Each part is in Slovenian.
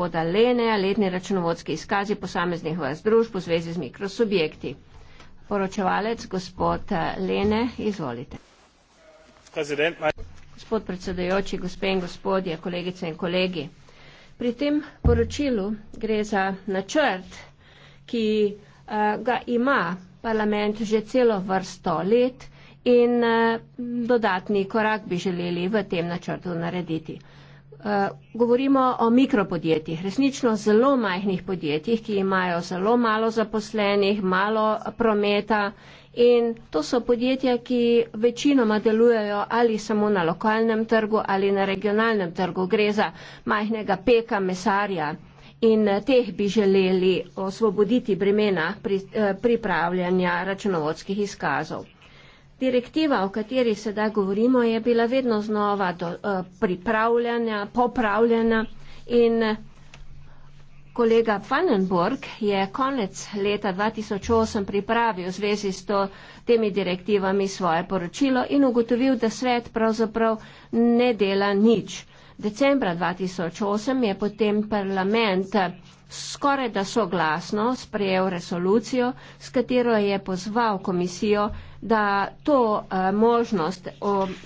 gospoda Lenea, letni računovodski izkazi posameznih vas družb v zvezi z mikrosubjekti. Poročevalec, gospod eh, Lene, izvolite. Gospod predsedojoči, gospe in gospodje, kolegice in kolegi. Pri tem poročilu gre za načrt, ki uh, ga ima parlament že celo vrsto let in uh, dodatni korak bi želeli v tem načrtu narediti. Eh, govorimo o mikropodjetjih, resnično zelo majhnih podjetjih, ki imajo zelo malo zaposlenih, malo prometa in to so podjetja, ki večinoma delujejo ali samo na lokalnem trgu ali na regionalnem trgu. Gre za majhnega peka mesarja in eh, teh bi želeli osvoboditi bremena pri, eh, pripravljanja računovodskih izkazov. Direktiva, o kateri sedaj govorimo, je bila vedno znova do, eh, pripravljena, popravljena in eh, kolega Fannenburg je konec leta 2008 pripravil v zvezi s to, temi direktivami svoje poročilo in ugotovil, da svet pravzaprav ne dela nič. Decembra 2008 je potem parlament eh, skoraj da soglasno sprejel resolucijo, s katero je pozval komisijo, da to eh, možnost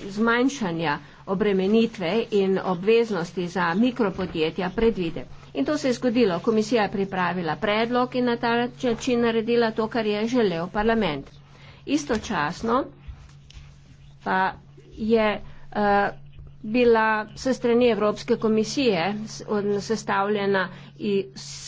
zmanjšanja obremenitve in obveznosti za mikropodjetja predvide. In to se je zgodilo. Komisija je pripravila predlog in na ta način naredila to, kar je želel parlament. Istočasno pa je uh, bila se strani Evropske komisije sestavljena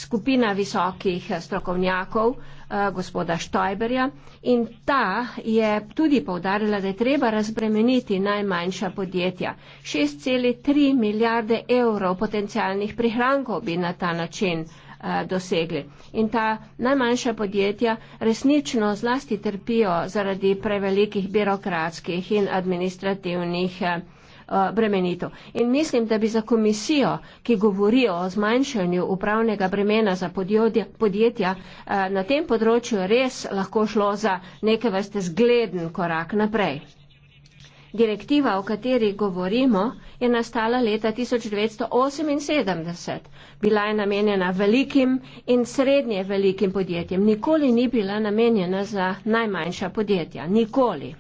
skupina visokih eh, strokovnjakov, uh, Eh, gospoda Štajberja in ta je tudi povdarjala, da je treba razbremeniti najmanjša podjetja. 6,3 milijarde evrov potencijalnih prihrankov bi na ta način eh, dosegli. In ta najmanjša podjetja resnično zlasti trpijo zaradi prevelikih birokratskih in administrativnih eh, Eh, bremenito. In mislim, da bi za komisijo, ki govori o zmanjšanju upravnega bremena za podjetja, eh, na tem področju res lahko šlo za neke vrste zgleden korak naprej. Direktiva, o kateri govorimo, je nastala leta 1978. Bila je namenjena velikim in srednje velikim podjetjem. Nikoli ni bila namenjena za najmanjša podjetja. Nikoli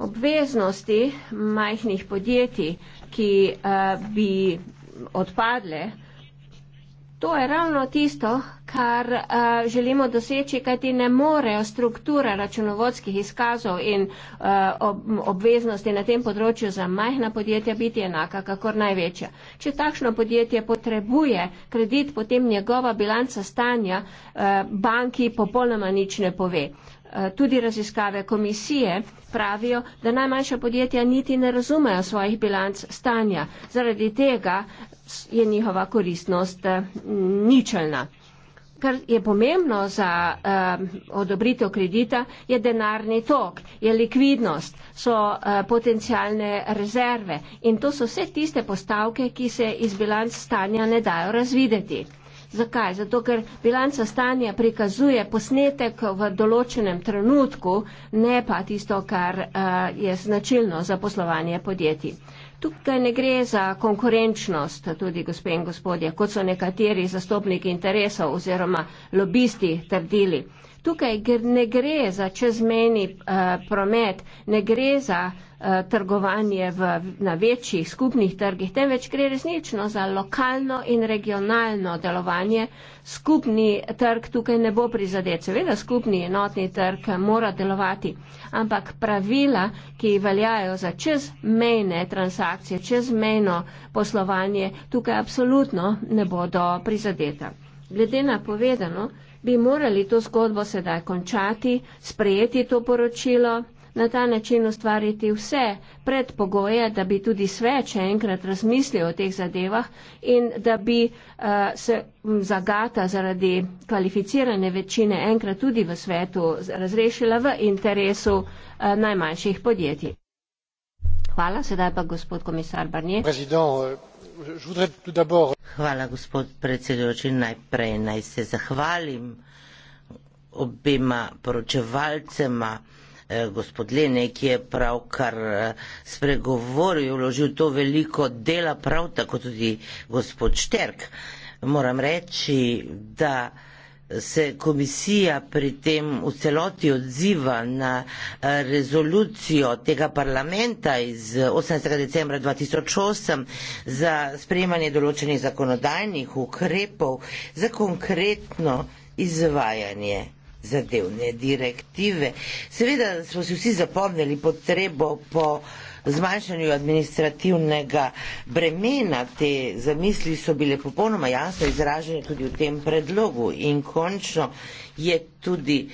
obveznosti majhnih podjetij, ki uh, bi odpadle, to je ravno tisto, kar uh, želimo doseči, kajti ne morejo strukture računovodskih izkazov in uh, ob, obveznosti na tem področju za majhna podjetja biti enaka, kakor največja. Če takšno podjetje potrebuje kredit, potem njegova bilanca stanja uh, banki popolnoma nič ne pove. Uh, Eh, tudi raziskave komisije pravijo, da najmanjša podjetja niti ne razumejo svojih bilanc stanja. Zaradi tega je njihova koristnost eh, ničelna. Kar je pomembno za uh, odobritev kredita, je denarni tok, je likvidnost, so uh, potencijalne rezerve in to so vse tiste postavke, ki se iz bilanc stanja ne dajo razvideti. Zakaj? Zato, ker bilanca stanja prikazuje posnetek v določenem trenutku, ne pa tisto, kar uh, je značilno za poslovanje podjetij. Tukaj ne gre za konkurenčnost, tudi gospe in gospodje, kot so nekateri zastopniki interesov oziroma lobisti trdili. Tukaj ne gre za čezmeni uh, eh, promet, ne gre za. Eh, trgovanje v, na večjih skupnih trgih, temveč gre resnično za lokalno in regionalno delovanje. Skupni trg tukaj ne bo prizadet. Seveda skupni enotni trg mora delovati, ampak pravila, ki veljajo za čezmejne transakcije, čezmejno poslovanje, tukaj absolutno ne bodo prizadeta. Glede na povedano, bi morali to zgodbo sedaj končati, sprejeti to poročilo, na ta način ustvariti vse predpogoje, da bi tudi sveč enkrat razmislil o teh zadevah in da bi uh, se zagata zaradi kvalificirane večine enkrat tudi v svetu razrešila v interesu uh, najmanjših podjetij. Hvala, sedaj pa gospod komisar Barnier. Eh, Hvala, gospod predsedujoči. Najprej naj se zahvalim obima poročevalcema. Eh, gospod Lene, ki je pravkar eh, spregovoril, vložil to veliko dela, prav tako tudi gospod Šterk. Moram reči, da se komisija pri tem v celoti odziva na eh, rezolucijo tega parlamenta iz 18. decembra 2008 za sprejemanje določenih zakonodajnih ukrepov za konkretno izvajanje zadevne direktive. Seveda smo si vsi zapomnili potrebo po zmanjšanju administrativnega bremena. Te zamisli so bile popolnoma jasno izražene tudi v tem predlogu in končno je tudi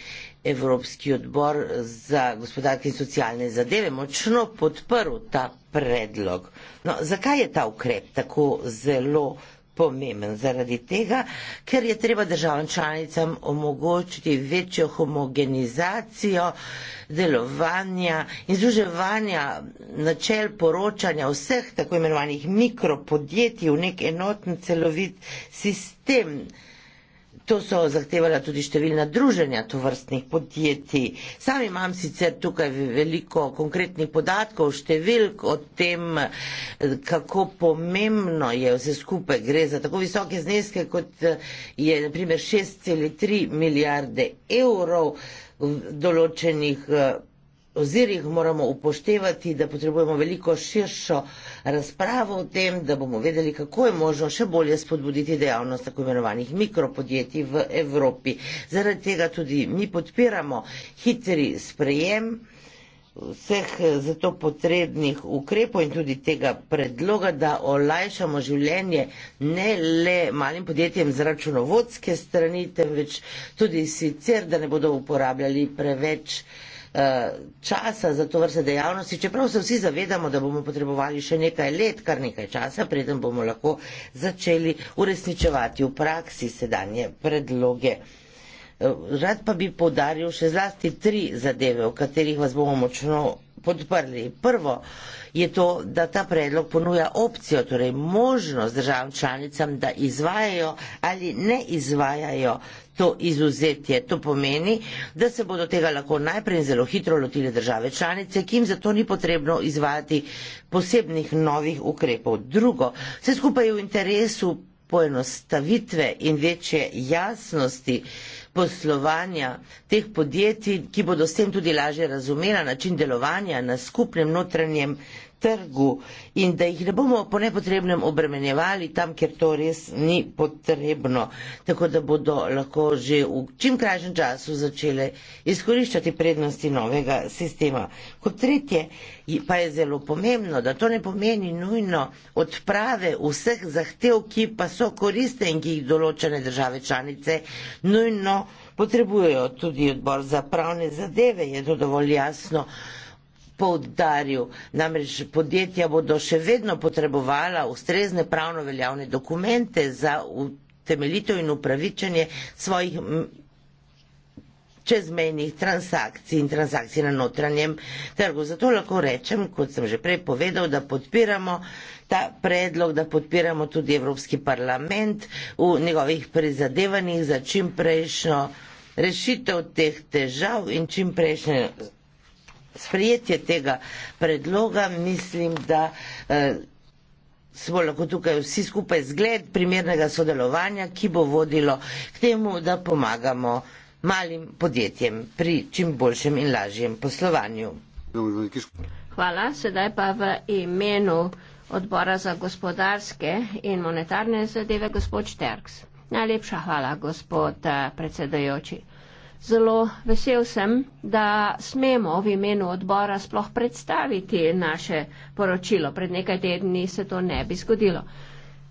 Evropski odbor za gospodarke in socialne zadeve močno podprl ta predlog. No, zakaj je ta ukrep tako zelo pomemben zaradi tega, ker je treba državam članicam omogočiti večjo homogenizacijo delovanja in združevanja načel poročanja vseh tako imenovanih mikropodjetij v nek enoten celovit sistem. To so zahtevala tudi številna druženja tovrstnih podjetij. Sam imam sicer tukaj veliko konkretnih podatkov, številk o tem, kako pomembno je vse skupaj. Gre za tako visoke zneske, kot eh, je naprimer 6,3 milijarde evrov določenih eh, ozirih moramo upoštevati, da potrebujemo veliko širšo razpravo o tem, da bomo vedeli, kako je možno še bolje spodbuditi dejavnost tako imenovanih mikropodjetij v Evropi. Zaradi tega tudi mi podpiramo hitri sprejem vseh zato potrebnih ukrepov in tudi tega predloga, da olajšamo življenje ne le malim podjetjem z računovodske strani, temveč tudi sicer, da ne bodo uporabljali preveč Eh, časa za to vrste dejavnosti, čeprav se vsi zavedamo, da bomo potrebovali še nekaj let, kar nekaj časa, preden bomo lahko začeli uresničevati v praksi sedanje predloge. Eh, rad pa bi podaril še zlasti tri zadeve, o katerih vas bomo močno podprli. Prvo je to, da ta predlog ponuja opcijo, torej možnost državam članicam, da izvajajo ali ne izvajajo to izuzetje. To pomeni, da se bodo tega lahko najprej in zelo hitro lotile države članice, ki jim zato ni potrebno izvajati posebnih novih ukrepov. Drugo, vse skupaj je v interesu poenostavitve in večje jasnosti poslovanja teh podjetij, ki bodo s tem tudi lažje razumela način delovanja na skupnem notranjem področju trgu in da jih ne bomo po nepotrebnem obremenjevali tam, kjer to res ni potrebno, tako da bodo lahko že v čim krajšem času začele izkoriščati prednosti novega sistema. Kot tretje pa je zelo pomembno, da to ne pomeni nujno odprave vseh zahtev, ki pa so koriste in ki jih določene države članice nujno potrebujejo. Tudi odbor za pravne zadeve je to dovolj jasno poudaril, namreč podjetja bodo še vedno potrebovala ustrezne pravno veljavne dokumente za utemeljitev in upravičanje svojih čezmejnih transakcij in transakcij na notranjem trgu. Zato lahko rečem, kot sem že prej povedal, da podpiramo ta predlog, da podpiramo tudi Evropski parlament v njegovih prizadevanjih za čim prejšnjo rešitev teh težav in čim prejšnjo sprejetje tega predloga, mislim, da eh, smo lahko tukaj vsi skupaj zgled primernega sodelovanja, ki bo vodilo k temu, da pomagamo malim podjetjem pri čim boljšem in lažjem poslovanju. Hvala. Sedaj pa v imenu odbora za gospodarske in monetarne zadeve gospod Šterks. Najlepša hvala, gospod eh, predsedajoči. Zelo vesel sem, da smemo v imenu odbora sploh predstaviti naše poročilo. Pred nekaj tedni se to ne bi zgodilo.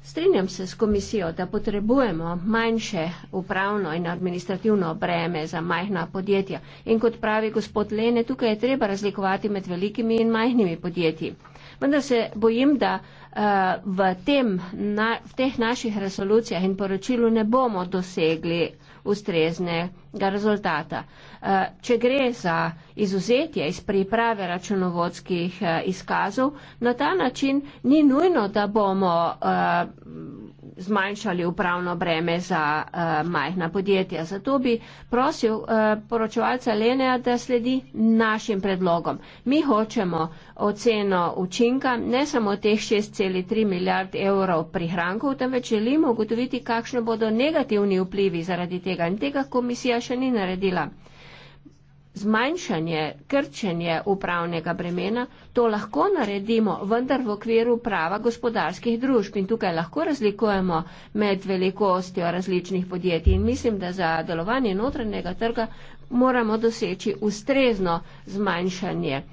Strinjam se s komisijo, da potrebujemo manjše upravno in administrativno breme za majhna podjetja. In kot pravi gospod Lene, tukaj je treba razlikovati med velikimi in majhnimi podjetji. Vendar se bojim, da uh, v, tem, na, v teh naših resolucijah in poročilu ne bomo dosegli ustreznega rezultata. Eh, če gre za izuzetje iz priprave računovodskih eh, izkazov, na ta način ni nujno, da bomo eh, zmanjšali upravno breme za uh, majhna podjetja. Zato bi prosil uh, poročevalca Lenea, da sledi našim predlogom. Mi hočemo oceno učinka ne samo teh 6,3 milijard evrov prihrankov, temveč želimo ugotoviti, kakšne bodo negativni vplivi zaradi tega. In tega komisija še ni naredila zmanjšanje, krčenje upravnega bremena, to lahko naredimo, vendar v okviru prava gospodarskih družb. In tukaj lahko razlikujemo med velikostjo različnih podjetij. In mislim, da za delovanje notranjega trga moramo doseči ustrezno zmanjšanje.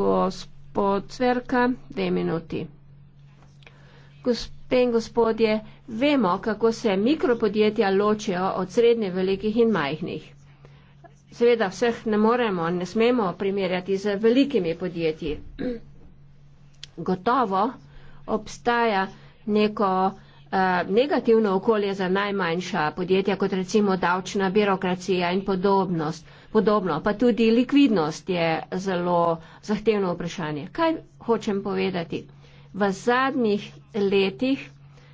Gospod Cverka, dve minuti. Gospe in gospodje, vemo, kako se mikropodjetja ločijo od srednje velikih in majhnih. Seveda vseh ne moremo, ne smemo primerjati z velikimi podjetji. Gotovo obstaja neko uh, negativno okolje za najmanjša podjetja, kot recimo davčna birokracija in podobnost, podobno. Pa tudi likvidnost je zelo zahtevno vprašanje. Kaj hočem povedati? V zadnjih letih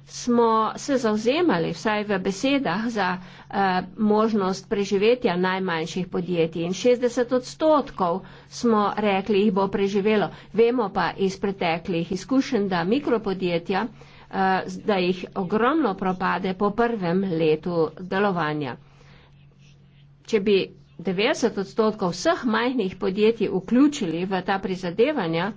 smo se zauzemali vsaj v besedah za eh, možnost preživetja najmanjših podjetij in 60 odstotkov smo rekli, jih bo preživelo. Vemo pa iz preteklih izkušenj, da mikropodjetja, eh, da jih ogromno propade po prvem letu delovanja. Če bi 90 odstotkov vseh majhnih podjetij vključili v ta prizadevanja,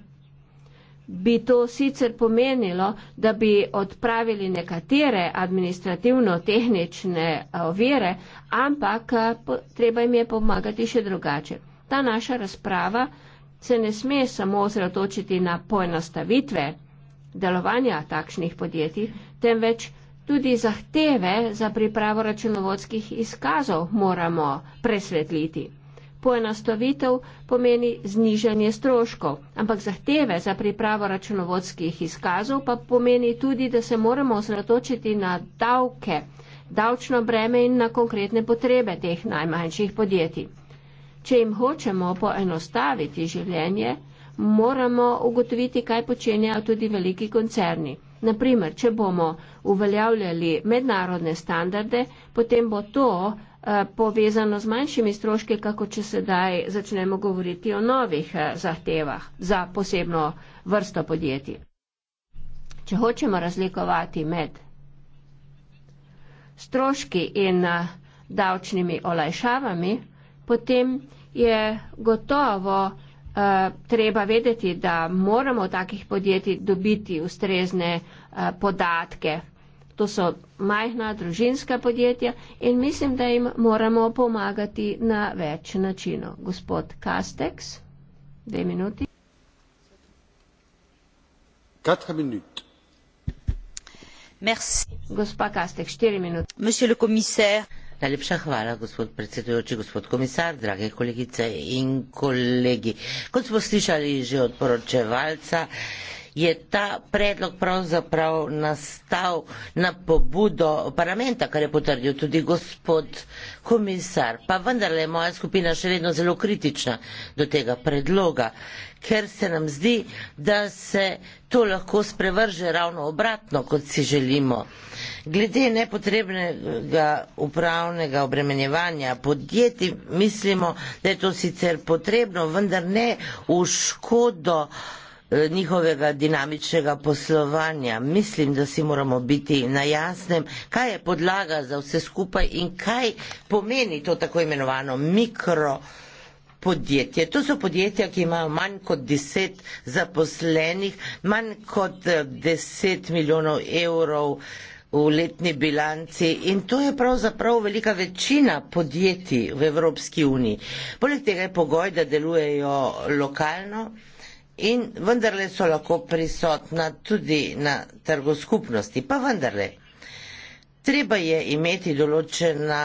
bi to sicer pomenilo, da bi odpravili nekatere administrativno-tehnične eh, ovire, ampak eh, treba jim je pomagati še drugače. Ta naša razprava se ne sme samo osredotočiti na poenostavitve delovanja takšnih podjetij, temveč tudi zahteve za pripravo računovodskih izkazov moramo presvetliti poenostavitev pomeni znižanje stroškov, ampak zahteve za pripravo računovodskih izkazov pa pomeni tudi, da se moramo osredotočiti na davke, davčno breme in na konkretne potrebe teh najmanjših podjetij. Če jim hočemo poenostaviti življenje, moramo ugotoviti, kaj počenjajo tudi veliki koncerni. Naprimer, če bomo uveljavljali mednarodne standarde, potem bo to Eh, povezano z manjšimi stroški, kako če sedaj začnemo govoriti o novih eh, zahtevah za posebno vrsto podjetij. Če hočemo razlikovati med stroški in eh, davčnimi olajšavami, potem je gotovo treba vedeti, da moramo v takih podjetjih dobiti ustrezne podatke to so majhna družinska podjetja in mislim, da jim moramo pomagati na več načinov. Gospod Kastex, dve minuti. Katra minut. Merci. Gospa Kastek, štiri minute. Monsieur le commissaire. Najlepša hvala, gospod predsedujoči, gospod komisar, drage kolegice in kolegi. Kot smo slišali že od poročevalca, je ta predlog pravzaprav nastal na pobudo parlamenta, kar je potrdil tudi gospod komisar. Pa vendar je moja skupina še vedno zelo kritična do tega predloga, ker se nam zdi, da se to lahko sprevrže ravno obratno, kot si želimo. Glede nepotrebnega upravnega obremenjevanja podjetij mislimo, da je to sicer potrebno, vendar ne v škodo uh, Eh, njihovega dinamičnega poslovanja. Mislim, da si moramo biti na jasnem, kaj je podlaga za vse skupaj in kaj pomeni to tako imenovano mikro podjetje. To so podjetja, ki imajo manj kot deset zaposlenih, manj kot eh, deset milijonov evrov v letni bilanci in to je pravzaprav velika večina podjetij v Evropski uniji. Poleg tega je pogoj, da delujejo lokalno, in vendarle so lahko prisotna tudi na trgu skupnosti, pa vendarle. Treba je imeti določena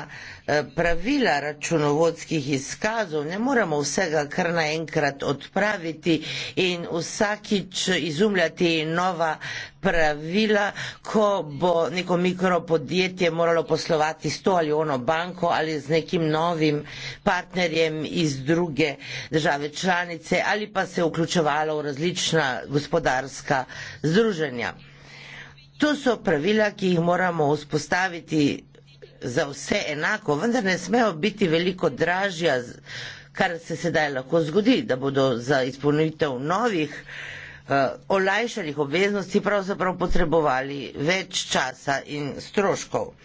Eh, pravila računovodskih izkazov, ne moramo vsega kar naenkrat odpraviti in vsakič izumljati nova pravila, ko bo neko mikropodjetje moralo poslovati s to ali ono banko ali z nekim novim partnerjem iz druge države članice ali pa se vključevalo v različna gospodarska združenja. To so pravila, ki jih moramo vzpostaviti za vse enako, vendar ne smejo biti veliko dražja, kar se sedaj lahko zgodi, da bodo za izpolnitev novih uh, olajšanih obveznosti pravzaprav potrebovali več časa in stroškov. Uh,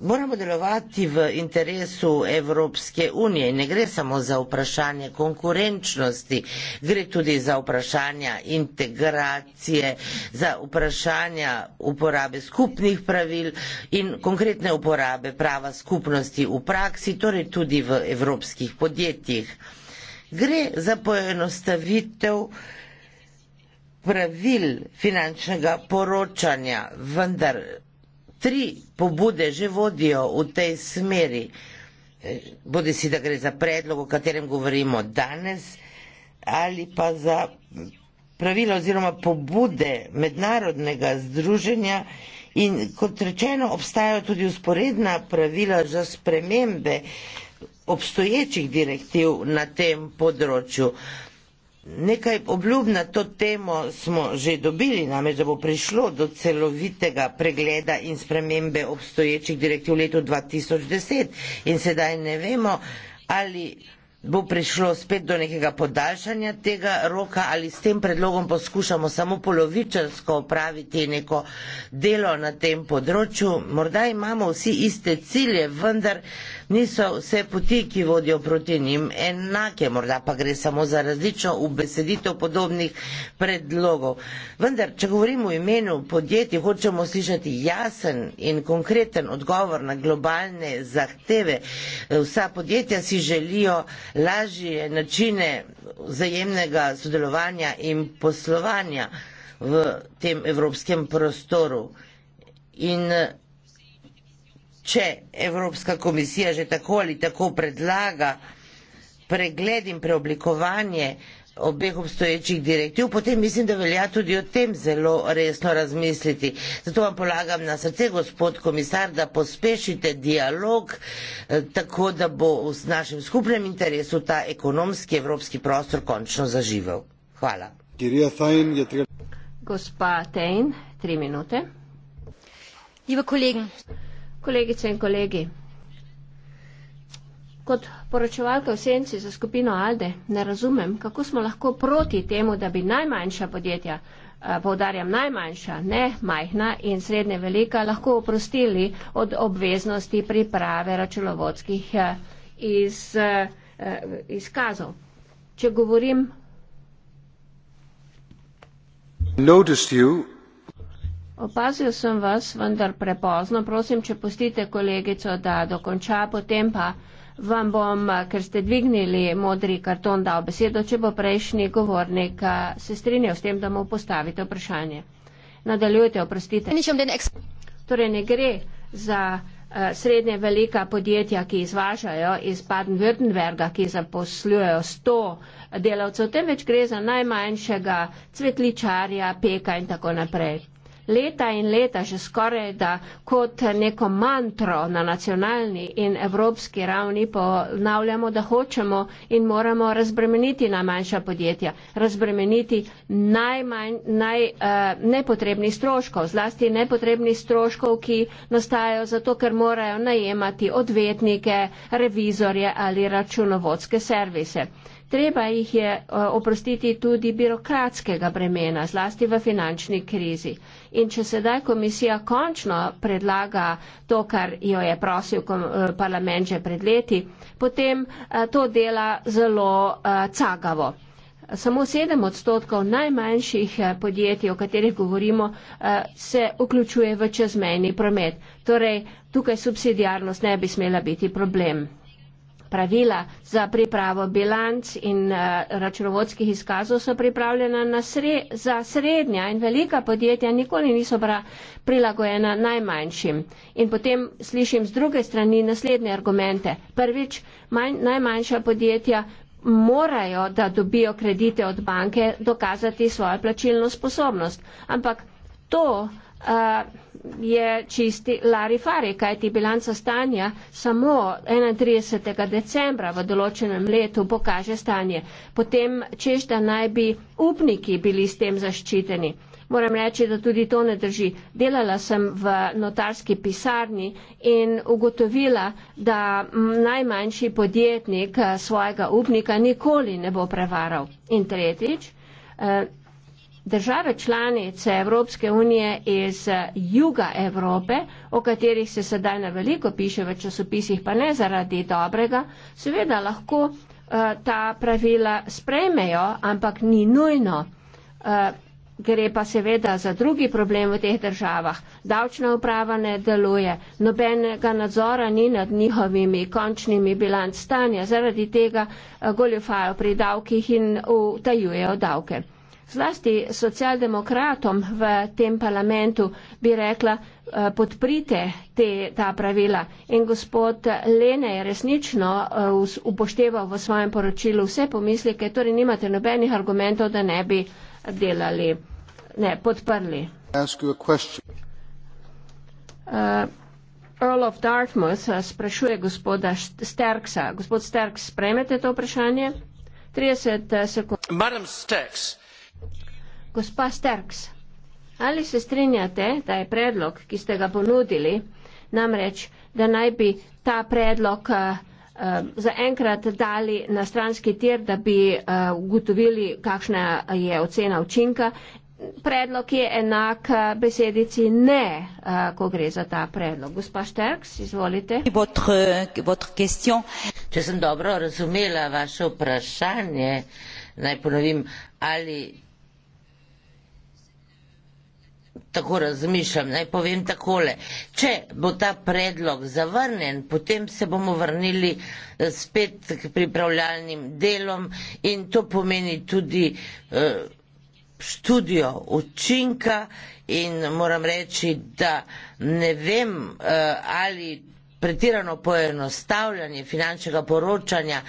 Moramo delovati v interesu Evropske unije in ne gre samo za vprašanje konkurenčnosti, gre tudi za vprašanja integracije, za vprašanja uporabe skupnih pravil in konkretne uporabe prava skupnosti v praksi, torej tudi v evropskih podjetjih. Gre za poenostavitev pravil finančnega poročanja, vendar tri pobude že vodijo v tej smeri. E, Bodi si, da gre za predlog, o katerem govorimo danes, ali pa za pravilo oziroma pobude mednarodnega združenja. In kot rečeno, obstajajo tudi usporedna pravila za spremembe obstoječih direktiv na tem področju. Nekaj obljub na to temo smo že dobili, namreč da bo prišlo do celovitega pregleda in spremembe obstoječih direktiv v letu 2010 in sedaj ne vemo, ali bo prišlo spet do nekega podaljšanja tega roka ali s tem predlogom poskušamo samo polovičarsko opraviti neko delo na tem področju. Morda imamo vsi iste cilje, vendar niso vse poti, ki vodijo proti njim, enake, morda pa gre samo za različno ubeseditev podobnih predlogov. Vendar, če govorimo o imenu podjetij, hočemo slišati jasen in konkreten odgovor na globalne zahteve. Vsa podjetja si želijo lažje načine vzajemnega sodelovanja in poslovanja v tem evropskem prostoru. In če Evropska komisija že tako ali tako predlaga pregled in preoblikovanje obeh obstoječih direktiv, potem mislim, da velja tudi o tem zelo resno razmisliti. Zato vam polagam na srce, gospod komisar, da pospešite dialog eh, tako, da bo v našem skupnem interesu ta ekonomski evropski prostor končno zaživel. Hvala. Gospa Tejn, tri minute. Liebe Kollegen, kolegice in kolegi. Kot poročevalka v senci za skupino Alde ne razumem, kako smo lahko proti temu, da bi najmanjša podjetja, eh, povdarjam najmanjša, ne majhna in srednje velika, lahko oprostili od obveznosti priprave računovodskih eh, iz, eh, izkazov. Če govorim. Noticed you Opazil sem vas, vendar prepozno. Prosim, če pustite kolegico, da dokonča, potem pa vam bom, ker ste dvignili modri karton, dal besedo, če bo prejšnji govornik se strinjal s tem, da mu postavite vprašanje. Nadaljujte, oprostite. Torej ne gre za srednje velika podjetja, ki izvažajo iz Baden-Württemberga, ki zaposlujejo 100 delavcev, temveč gre za najmanjšega cvetličarja, peka in tako naprej leta in leta že skoraj da kot neko mantro na nacionalni in evropski ravni ponavljamo, da hočemo in moramo razbremeniti najmanjša podjetja, razbremeniti najmanj, naj, uh, nepotrebnih stroškov, zlasti nepotrebnih stroškov, ki nastajajo zato, ker morajo najemati odvetnike, revizorje ali računovodske servise. Treba jih je eh, oprostiti tudi birokratskega bremena, zlasti v finančni krizi. In če sedaj komisija končno predlaga to, kar jo je prosil eh, parlament že pred leti, potem eh, to dela zelo cagavo. Samo sedem odstotkov najmanjših podjetij, o katerih govorimo, se vključuje v čezmejni promet. Torej, tukaj subsidijarnost ne bi smela biti problem pravila za pripravo bilanc in uh, računovodskih izkazov so pripravljena na sre za srednja in velika podjetja, nikoli niso bila prilagojena najmanjšim. In potem slišim z druge strani naslednje argumente. Prvič, manj, najmanjša podjetja morajo, da dobijo kredite od banke, dokazati svojo plačilno sposobnost. Ampak to. Uh, je čisti larifari, kajti bilanca stanja samo 31. decembra v določenem letu pokaže stanje. Potem češ, da naj bi upniki bili s tem zaščiteni. Moram reči, da tudi to ne drži. Delala sem v notarski pisarni in ugotovila, da najmanjši podjetnik eh, svojega upnika nikoli ne bo prevaral. In tretjič, eh, Države članice Evropske unije iz juga Evrope, o katerih se sedaj na veliko piše v časopisih, pa ne zaradi dobrega, seveda lahko uh, ta pravila sprejmejo, ampak ni nujno. Uh, gre pa seveda za drugi problem v teh državah. Davčna uprava ne deluje, nobenega nadzora ni nad njihovimi končnimi bilanc stanja, zaradi tega eh, goljufajo pri davkih in utajujejo davke zlasti socialdemokratom v tem parlamentu bi rekla, eh, podprite te, ta pravila. In gospod Lene je resnično eh, upošteval v svojem poročilu vse pomislike, torej nimate nobenih argumentov, da ne bi delali, ne podprli. Eh, Earl of Dartmouth sprašuje gospoda Sterksa. Gospod Sterks, spremete to vprašanje? 30 sekund. Madam Sterks. Gospa Sterks, ali se strinjate, da je predlog, ki ste ga ponudili, namreč, da naj bi ta predlog eh, eh, zaenkrat dali na stranski tir, da bi eh, ugotovili, kakšna je ocena učinka. Predlog je enak besedici ne, ko gre za ta predlog. Gospa Šterks, izvolite. Če sem dobro razumela vaše vprašanje, naj ponovim, ali tako razmišljam. Naj povem takole. Če bo ta predlog zavrnen, potem se bomo vrnili eh, spet k pripravljalnim delom in to pomeni tudi eh, študijo učinka in moram reči, da ne vem, eh, ali pretirano poenostavljanje finančnega poročanja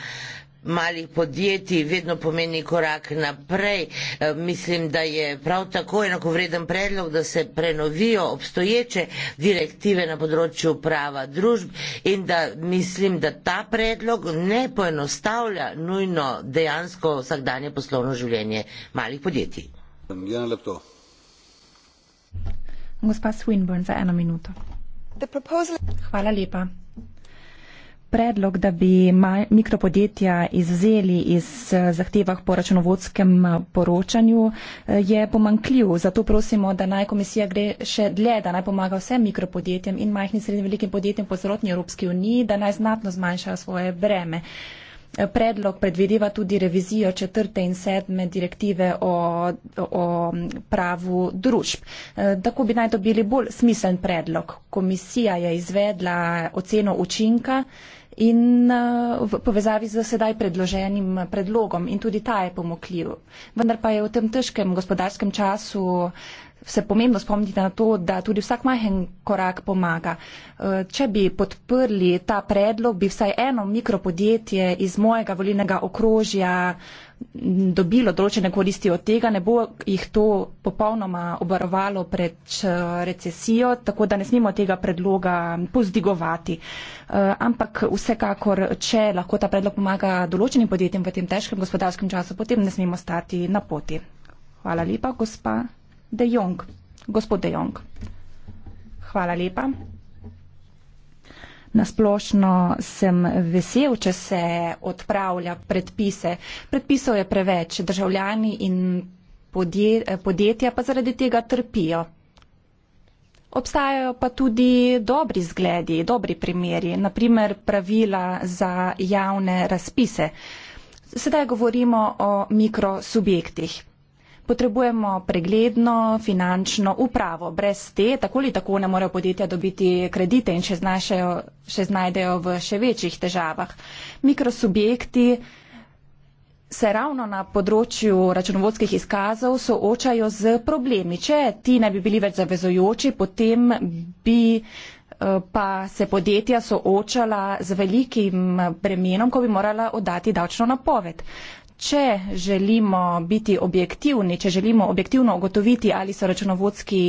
malih podjetij vedno pomeni korak naprej. Eh, mislim, da je prav tako enakovreden predlog, da se prenovijo obstoječe direktive na področju prava družb in da mislim, da ta predlog ne poenostavlja nujno dejansko vsakdanje poslovno življenje malih podjetij. Jena Lepto. Gospa Swinburne za eno minuto. Hvala lepa predlog, da bi mikropodjetja izzeli iz eh, zahtevah po računovodskem eh, poročanju, eh, je pomankljiv. Zato prosimo, da naj komisija gre še dlje, da naj pomaga vsem mikropodjetjem in majhnim srednjim velikim podjetjem po celotni Evropski uniji, da naj znatno zmanjšajo svoje breme. Predlog predvideva tudi revizijo četrte in sedme direktive o, o pravu družb. Tako bi naj dobili bolj smislen predlog. Komisija je izvedla oceno učinka in eh, v povezavi z sedaj predloženim predlogom in tudi ta je pomokljiv. Vendar pa je v tem težkem gospodarskem času se pomembno spomniti na to, da tudi vsak majhen korak pomaga. Eh, če bi podprli ta predlog, bi vsaj eno mikropodjetje iz mojega volilnega okrožja dobilo določene koristi od tega, ne bo jih to popolnoma obarovalo pred eh, recesijo, tako da ne smemo tega predloga pozdigovati. Eh, ampak vsekakor, če lahko ta predlog pomaga določenim podjetjem v tem težkem gospodarskem času, potem ne smemo stati na poti. Hvala lepa, gospa De Jong. Gospod De Jong. Hvala lepa. Nasplošno sem vesel, če se odpravlja predpise. Predpisov je preveč, državljani in podjetja pa zaradi tega trpijo. Obstajajo pa tudi dobri zgledi, dobri primeri, naprimer pravila za javne razpise. Sedaj govorimo o mikrosubjektih. Potrebujemo pregledno finančno upravo. Brez te tako ali tako ne morejo podjetja dobiti kredite in še, znašajo, še znajdejo v še večjih težavah. Mikrosubjekti se ravno na področju računovodskih izkazov soočajo z problemi. Če ti ne bi bili več zavezojoči, potem bi eh, pa se podjetja soočala z velikim bremenom, ko bi morala oddati davčno napoved če želimo biti objektivni, če želimo objektivno ugotoviti, ali so računovodski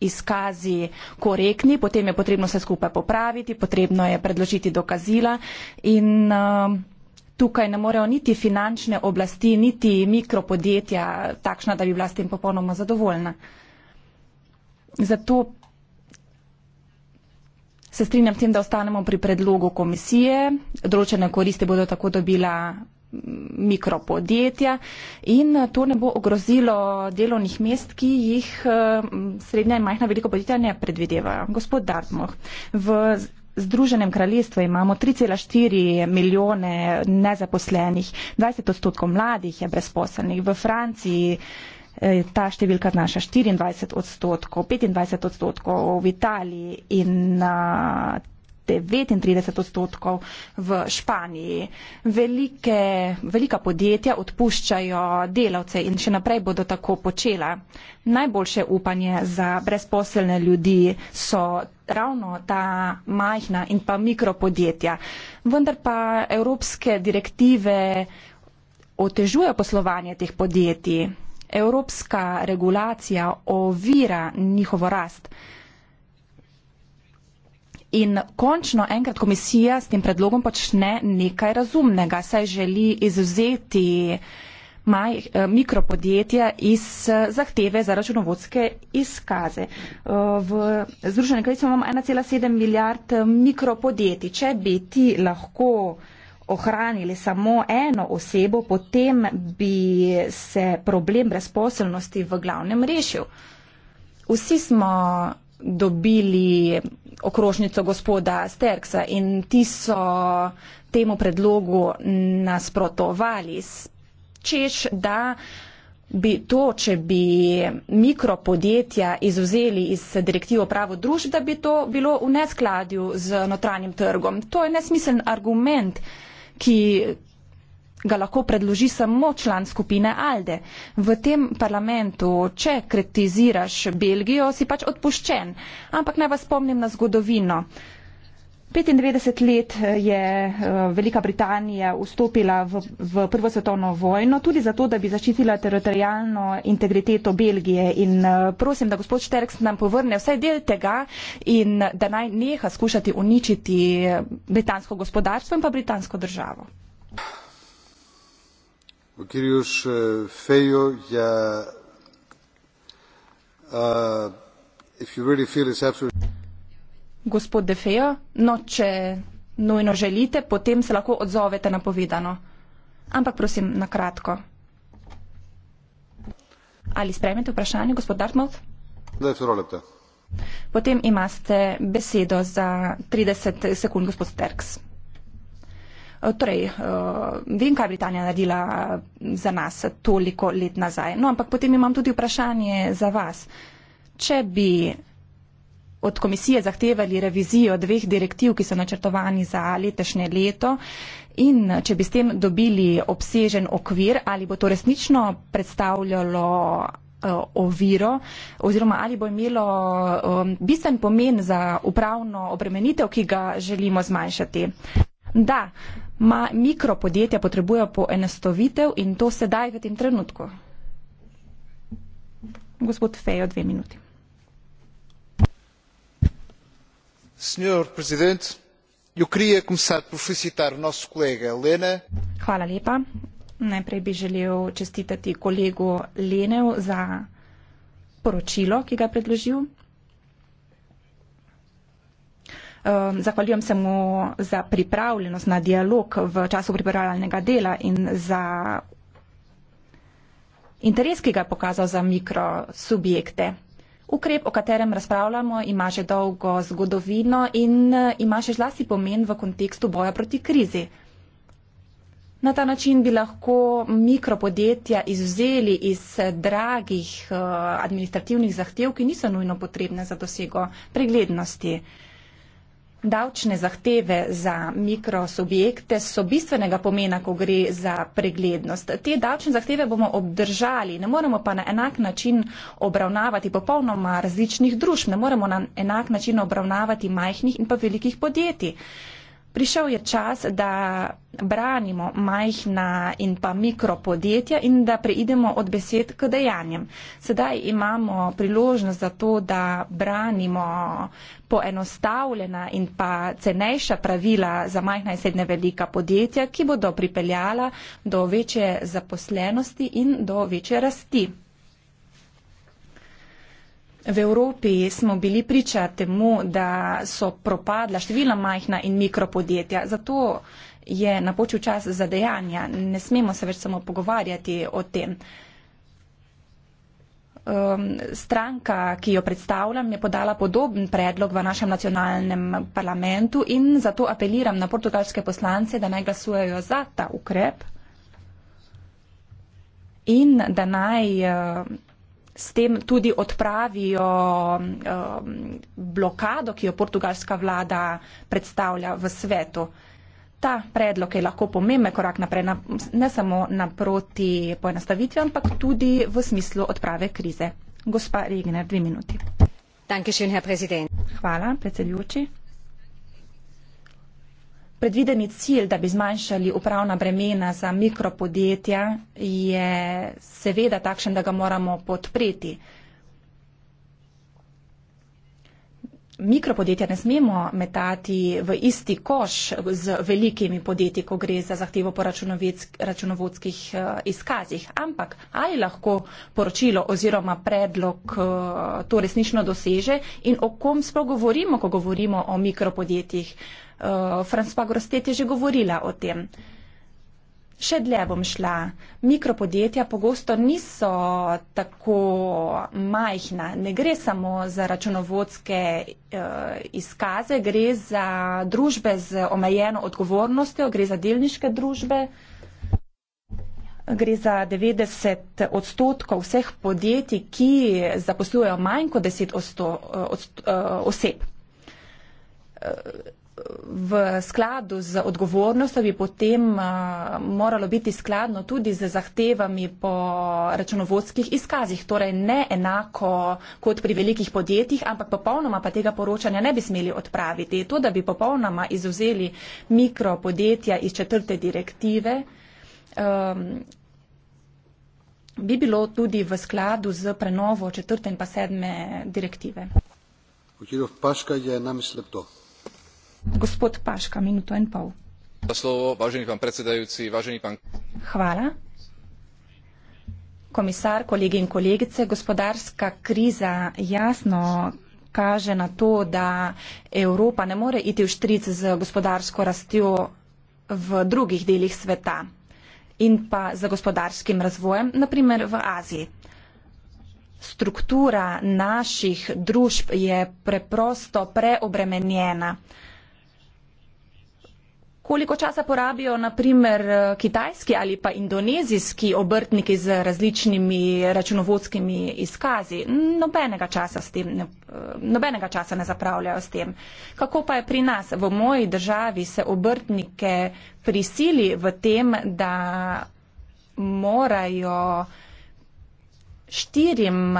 izkazi korektni, potem je potrebno vse skupaj popraviti, potrebno je predložiti dokazila in um, tukaj ne morejo niti finančne oblasti, niti mikropodjetja takšna, da bi bila s tem popolnoma zadovoljna. Zato se strinjam s tem, da ostanemo pri predlogu komisije. Določene koristi bodo tako dobila mikropodjetja in eh, to ne bo ogrozilo delovnih mest, ki jih eh, srednja in majhna veliko podjetja ne predvidevajo. Gospod Dartmoh, v Združenem kraljestvu imamo 3,4 milijone nezaposlenih, 20 odstotkov mladih je brezposelnih, v Franciji eh, ta številka znaša 24 odstotkov, 25 odstotkov, v Italiji in 39 odstotkov v Španiji. Velike, velika podjetja odpuščajo delavce in še naprej bodo tako počela. Najboljše upanje za brezposelne ljudi so ravno ta majhna in pa mikropodjetja. Vendar pa evropske direktive otežujejo poslovanje teh podjetij. Evropska regulacija ovira njihovo rast. In končno enkrat komisija s tem predlogom počne nekaj razumnega, saj želi izuzeti maj, eh, mikropodjetja iz eh, zahteve za računovodske izkaze. Eh, v Združenem kraljestvu imamo 1,7 milijard eh, mikropodjetij. Če bi ti lahko ohranili samo eno osebo, potem bi se problem brezposelnosti v glavnem rešil. Vsi smo dobili okrožnico gospoda Sterksa in ti so temu predlogu nasprotovali, češ da bi to, če bi mikropodjetja izuzeli iz direktivo pravo družb, da bi to bilo v neskladju z notranjim trgom. To je nesmiseln argument, ki, ga lahko predloži samo član skupine Alde. V tem parlamentu, če kritiziraš Belgijo, si pač odpuščen. Ampak naj vas spomnim na zgodovino. 95 let eh, je eh, Velika Britanija vstopila v, v Prvo svetovno vojno, tudi zato, da bi zaščitila teritorijalno integriteto Belgije. In eh, prosim, da gospod Šterks nam povrne vsaj del tega in da naj neha skušati uničiti britansko gospodarstvo in pa britansko državo gospod de feo no če nujno želite potem se lahko odzovete na povedano ampak prosim na kratko ali sprejmete vprašanje gospod dartmouth potem imate besedo za trideset sekund gospod sterks Eh, torej, eh, vem, kaj je Britanija naredila eh, za nas toliko let nazaj. No, ampak potem imam tudi vprašanje za vas. Če bi od komisije zahtevali revizijo dveh direktiv, ki so načrtovani za letošnje leto in če bi s tem dobili obsežen okvir, ali bo to resnično predstavljalo oviro oziroma ali bo imelo bistven pomen za upravno obremenitev, ki ga želimo zmanjšati da ma, mikropodjetja potrebujejo poenostavitev in to sedaj v tem trenutku. Gospod Fejo, dve minuti. Senor president, eu queria começar por felicitar o nosso colega Lena. Hvala lepa. Najprej bi želel čestitati kolegu Lenev za poročilo, ki ga je predložil. Um, zahvaljujem se mu za pripravljenost na dialog v času pripravljalnega dela in za interes, ki ga je pokazal za mikrosubjekte. Ukrep, o katerem razpravljamo, ima že dolgo zgodovino in eh, ima še zlasti pomen v kontekstu boja proti krizi. Na ta način bi lahko mikropodjetja izvzeli iz eh, dragih eh, administrativnih zahtev, ki niso nujno potrebne za dosego preglednosti. Davčne zahteve za mikrosubjekte so bistvenega pomena, ko gre za preglednost. Te davčne zahteve bomo obdržali, ne moremo pa na enak način obravnavati popolnoma različnih družb, ne moremo na enak način obravnavati majhnih in pa velikih podjetij. Prišel je čas, da branimo majhna in pa mikropodjetja in da preidemo od besed k dejanjem. Sedaj imamo priložnost za to, da branimo poenostavljena in pa cenejša pravila za majhna in srednje velika podjetja, ki bodo pripeljala do večje zaposlenosti in do večje rasti. V Evropi smo bili priča temu, da so propadla številna majhna in mikropodjetja. Zato je napočil čas za dejanja. Ne smemo se več samo pogovarjati o tem. Um, stranka, ki jo predstavljam, je podala podoben predlog v našem nacionalnem parlamentu in zato apeliram na portugalske poslance, da naj glasujejo za ta ukrep in da naj. Uh, s tem tudi odpravijo um, blokado, ki jo portugalska vlada predstavlja v svetu. Ta predlog je lahko pomemben korak naprej, na, ne samo naproti poenostavitvi, ampak tudi v smislu odprave krize. Gospa Regner, dve minuti. Danke schön, Herr Präsident. Hvala, predsedujoči. Predvideni cilj, da bi zmanjšali upravna bremena za mikropodjetja, je seveda takšen, da ga moramo podpreti. Mikropodjetja ne smemo metati v isti koš z velikimi podjetji, ko gre za zahtevo po računovodskih eh, izkazih, ampak ali lahko poročilo oziroma predlog eh, to resnično doseže in o kom sploh govorimo, ko govorimo o mikropodjetjih uh, eh, Franspa Grostet je že govorila o tem. Še dlje bom šla. Mikropodjetja pogosto niso tako majhna. Ne gre samo za računovodske e, izkaze, gre za družbe z omejeno odgovornostjo, gre za delniške družbe. Gre za 90 odstotkov vseh podjetij, ki zaposlujejo manj kot 10 osto, odst, e, oseb. E, v skladu z odgovornostjo bi potem eh, moralo biti skladno tudi z zahtevami po računovodskih izkazih. Torej ne enako kot pri velikih podjetjih, ampak popolnoma pa tega poročanja ne bi smeli odpraviti. To, da bi popolnoma izuzeli mikropodjetja iz četrte direktive, um, bi bilo tudi v skladu z prenovo četrte in pa sedme direktive. Gospod Paška je namesto to gospod Paška, minuto in pol. Slovo, važeni pan predsedajuci, važeni pan... Hvala. Komisar, kolegi in kolegice, gospodarska kriza jasno kaže na to, da Evropa ne more iti v štric z gospodarsko rastjo v drugih delih sveta in pa z gospodarskim razvojem, naprimer v Aziji. Struktura naših družb je preprosto preobremenjena. Koliko časa porabijo naprimer eh, kitajski ali pa indonezijski obrtniki z različnimi računovodskimi izkazi? Nobenega časa, tem, eh, nobenega časa ne zapravljajo s tem. Kako pa je pri nas? V moji državi se obrtnike prisili v tem, da morajo štirim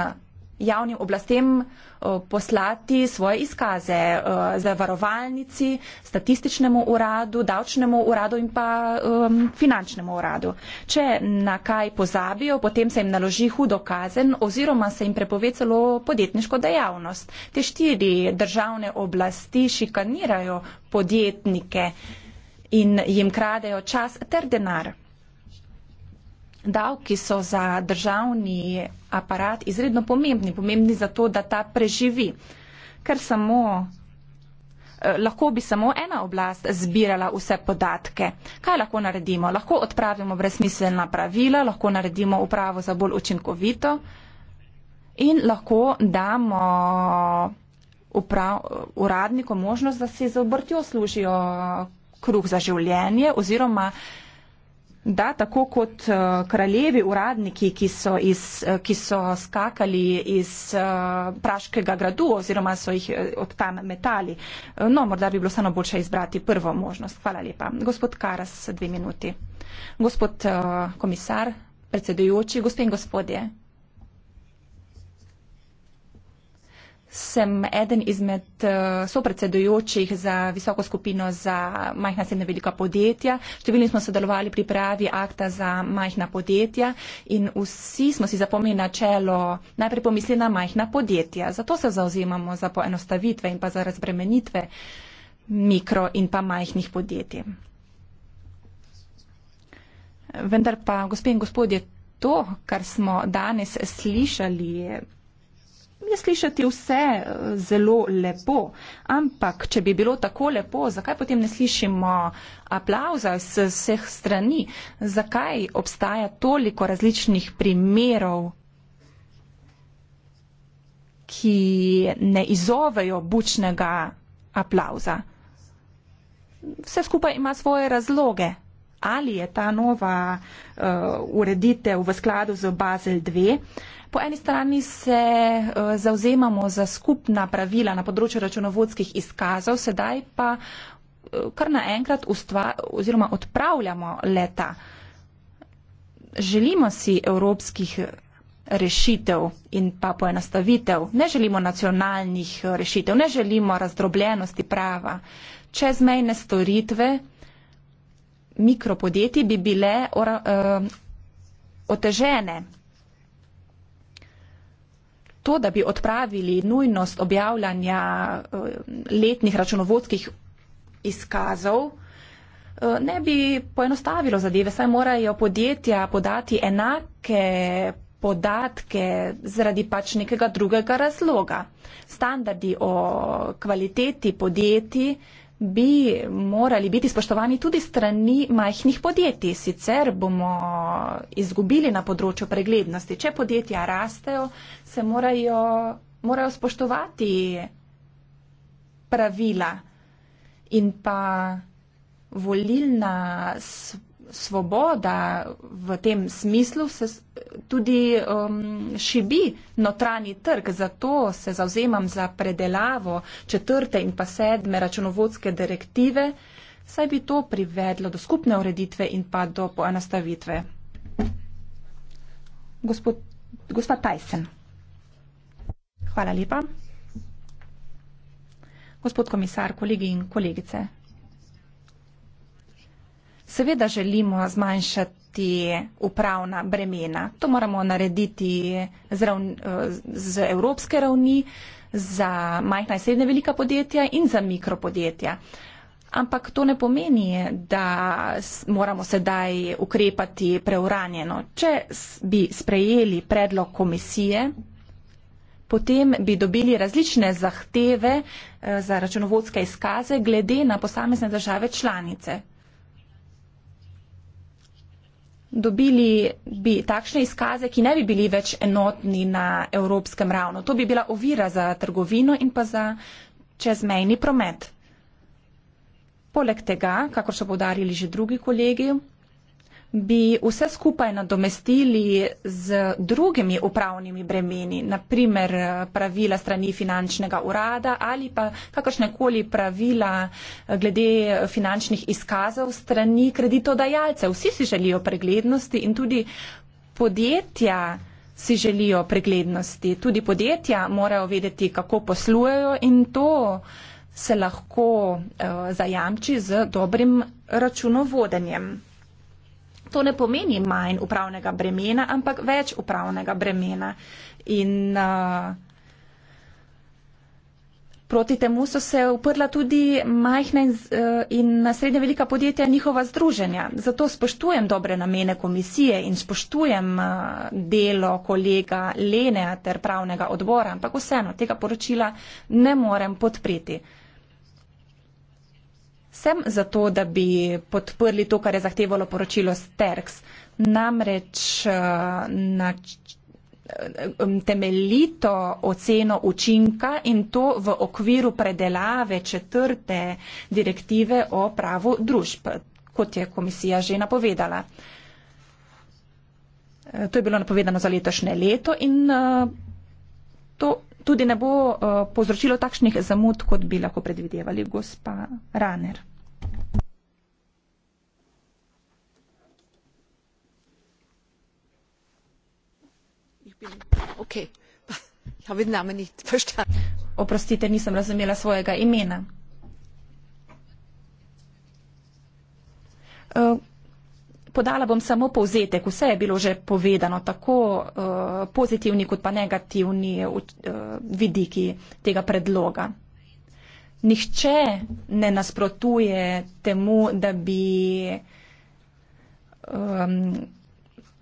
javnim oblastem Eh, poslati svoje izkaze eh, zavarovalnici, statističnemu uradu, davčnemu uradu in pa um, finančnemu uradu. Če na kaj pozabijo, potem se jim naloži hudo kazen oziroma se jim prepove celo podjetniško dejavnost. Te štiri državne oblasti šikanirajo podjetnike in jim kradejo čas ter denar davki so za državni aparat izredno pomembni, pomembni zato, da ta preživi. Ker samo, eh, lahko bi samo ena oblast zbirala vse podatke. Kaj lahko naredimo? Lahko odpravimo brezmiselna pravila, lahko naredimo upravo za bolj učinkovito in lahko damo uprav, uradniku možnost, da si z obrtjo služijo kruh za življenje oziroma da tako kot eh, kraljevi uradniki, ki so, iz, eh, ki so skakali iz eh, Praškega gradu oziroma so jih od tam metali. No, morda bi bilo samo boljše izbrati prvo možnost. Hvala lepa. Gospod Karas, dve minuti. Gospod komisar, predsedujoči, gospe in gospodje. sem eden izmed eh, sopredsedujočih za visoko skupino za majhna in srednja velika podjetja. Številni smo sodelovali pri pravi akta za majhna podjetja in vsi smo si zapomnili načelo najprej pomisli na majhna podjetja. Zato se zauzemamo za poenostavitve in pa za razbremenitve mikro in pa majhnih podjetij. Vendar pa, gospe in gospodje, to, kar smo danes slišali, je slišati vse eh, zelo lepo, ampak če bi bilo tako lepo, zakaj potem ne slišimo aplauza z vseh strani? Zakaj obstaja toliko različnih primerov, ki ne izovejo bučnega aplauza? Vse skupaj ima svoje razloge ali je ta nova uh, ureditev v skladu z Basel 2. Po eni strani se uh, eh, zauzemamo za skupna pravila na področju računovodskih izkazov, sedaj pa uh, kar naenkrat oziroma odpravljamo leta. Želimo si evropskih rešitev in pa poenostavitev. Ne želimo nacionalnih rešitev, ne želimo razdrobljenosti prava. Čezmejne storitve mikropodjetij bi bile or, uh, eh, otežene. To, da bi odpravili nujnost objavljanja eh, letnih računovodskih izkazov, eh, ne bi poenostavilo zadeve. Saj morajo podjetja podati enake podatke zaradi pač nekega drugega razloga. Standardi o kvaliteti podjetij bi morali biti spoštovani tudi strani majhnih podjetij. Sicer bomo izgubili na področju preglednosti. Če podjetja rastejo, se morajo, morajo spoštovati pravila in pa volilna spoštovanja svoboda v tem smislu se tudi um, šibi notranji trg. Zato se zauzemam za predelavo četrte in pa sedme računovodske direktive, saj bi to privedlo do skupne ureditve in pa do poenostavitve. Gospa Tyson. Hvala lepa. Gospod komisar, kolegi in kolegice seveda želimo zmanjšati upravna bremena. To moramo narediti z, ravn, z evropske ravni za majhna in srednja velika podjetja in za mikropodjetja. Ampak to ne pomeni, da moramo sedaj ukrepati preuranjeno. Če bi sprejeli predlog komisije, potem bi dobili različne zahteve eh, za računovodske izkaze glede na posamezne države članice dobili bi takšne izkaze, ki ne bi bili več enotni na evropskem ravno. To bi bila ovira za trgovino in pa za čezmejni promet. Poleg tega, kako so povdarili že drugi kolegi, bi vse skupaj nadomestili z drugimi upravnimi bremeni, naprimer eh, pravila strani finančnega urada ali pa kakršnekoli pravila eh, glede eh, finančnih izkazov strani kreditodajalcev. Vsi si želijo preglednosti in tudi podjetja si želijo preglednosti. Tudi podjetja morajo vedeti, kako poslujejo in to se lahko uh, zajamči z dobrim računovodenjem. To ne pomeni manj upravnega bremena, ampak več upravnega bremena. In uh, proti temu so se uprla tudi majhna in, uh, in srednja velika podjetja in njihova združenja. Zato spoštujem dobre namene komisije in spoštujem uh, delo kolega Lenea ter pravnega odbora, ampak vseeno tega poročila ne morem podpreti sem za to, da bi podprli to, kar je zahtevalo poročilo Sterks. Namreč eh, na eh, temeljito oceno učinka in to v okviru predelave četrte direktive o pravu družb, kot je komisija že napovedala. Eh, to je bilo napovedano za letošnje leto in to tudi ne bo uh, povzročilo takšnih zamud, kot bi lahko predvidevali gospa Raner. Oprostite, nisem razumela svojega imena. Uh, podala bom samo povzetek. Vse je bilo že povedano, tako uh, pozitivni kot pa negativni uh, vidiki tega predloga. Nihče ne nasprotuje temu, da bi um,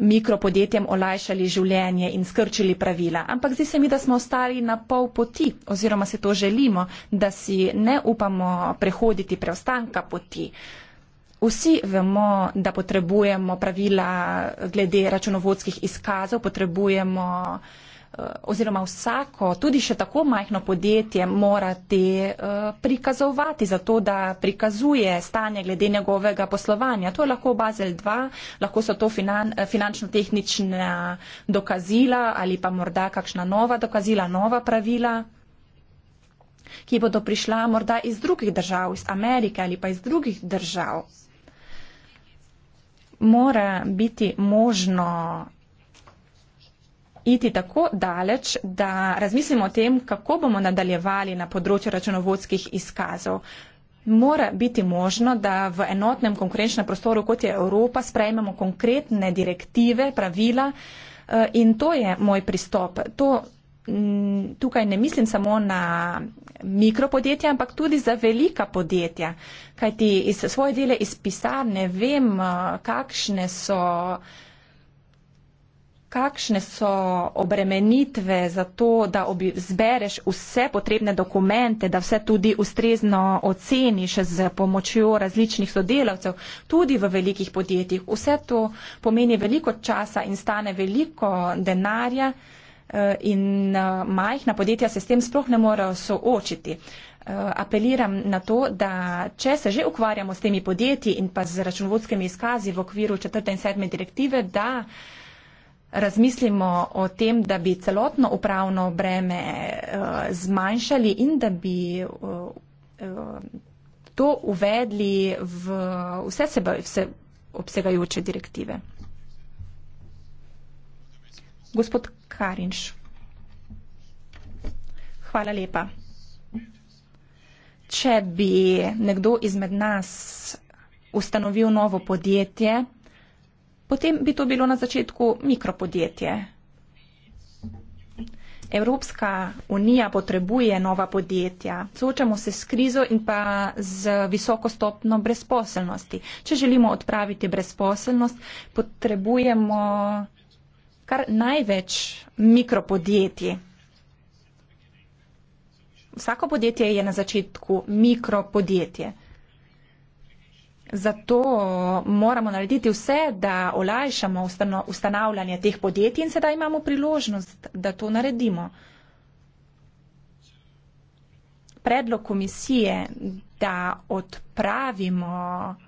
mikropodjetjem olajšali življenje in skrčili pravila. Ampak zdi se mi, da smo ostali na pol poti oziroma se to želimo, da si ne upamo prehoditi preostanka poti. Uh, Vsi vemo, da potrebujemo pravila glede računovodskih izkazov, potrebujemo eh, oziroma vsako, tudi še tako majhno podjetje, mora te eh, prikazovati, zato da prikazuje stanje glede njegovega poslovanja. To je lahko Bazel 2, lahko so to finan, eh, finančno-tehnična dokazila ali pa morda kakšna nova dokazila, nova pravila ki bodo prišla morda iz drugih držav, iz Amerike ali pa iz drugih držav mora biti možno iti tako daleč, da razmislimo o tem, kako bomo nadaljevali na področju računovodskih izkazov. Mora biti možno, da v enotnem konkurenčnem prostoru, kot je Evropa, sprejmemo konkretne direktive, pravila eh, in to je moj pristop. To, mm, tukaj ne mislim samo na mikropodjetja, ampak tudi za velika podjetja. Kaj ti iz svoje dele iz pisarne vem, eh, kakšne so, kakšne so obremenitve za to, da zbereš vse potrebne dokumente, da vse tudi ustrezno oceniš z pomočjo različnih sodelavcev, tudi v velikih podjetjih. Vse to pomeni veliko časa in stane veliko denarja. Eh, in eh, majhna podjetja se s tem sploh ne morejo soočiti. Eh, apeliram na to, da če se že ukvarjamo s temi podjetji in pa z računovodskimi izkazi v okviru 4. in 7. direktive, da razmislimo o tem, da bi celotno upravno breme zmanjšali in da bi to uvedli v vse sebe, vse obsegajoče direktive. Gospod Karinš. Hvala lepa. Če bi nekdo izmed nas ustanovil novo podjetje, potem bi to bilo na začetku mikropodjetje. Evropska unija potrebuje nova podjetja. Soočamo se s krizo in pa z visoko stopno brezposelnosti. Če želimo odpraviti brezposelnost, potrebujemo kar največ mikropodjetij. Vsako podjetje je na začetku mikropodjetje. Zato moramo narediti vse, da olajšamo ustanavljanje teh podjetij in sedaj imamo priložnost, da to naredimo. Predlog komisije, da odpravimo podjetje,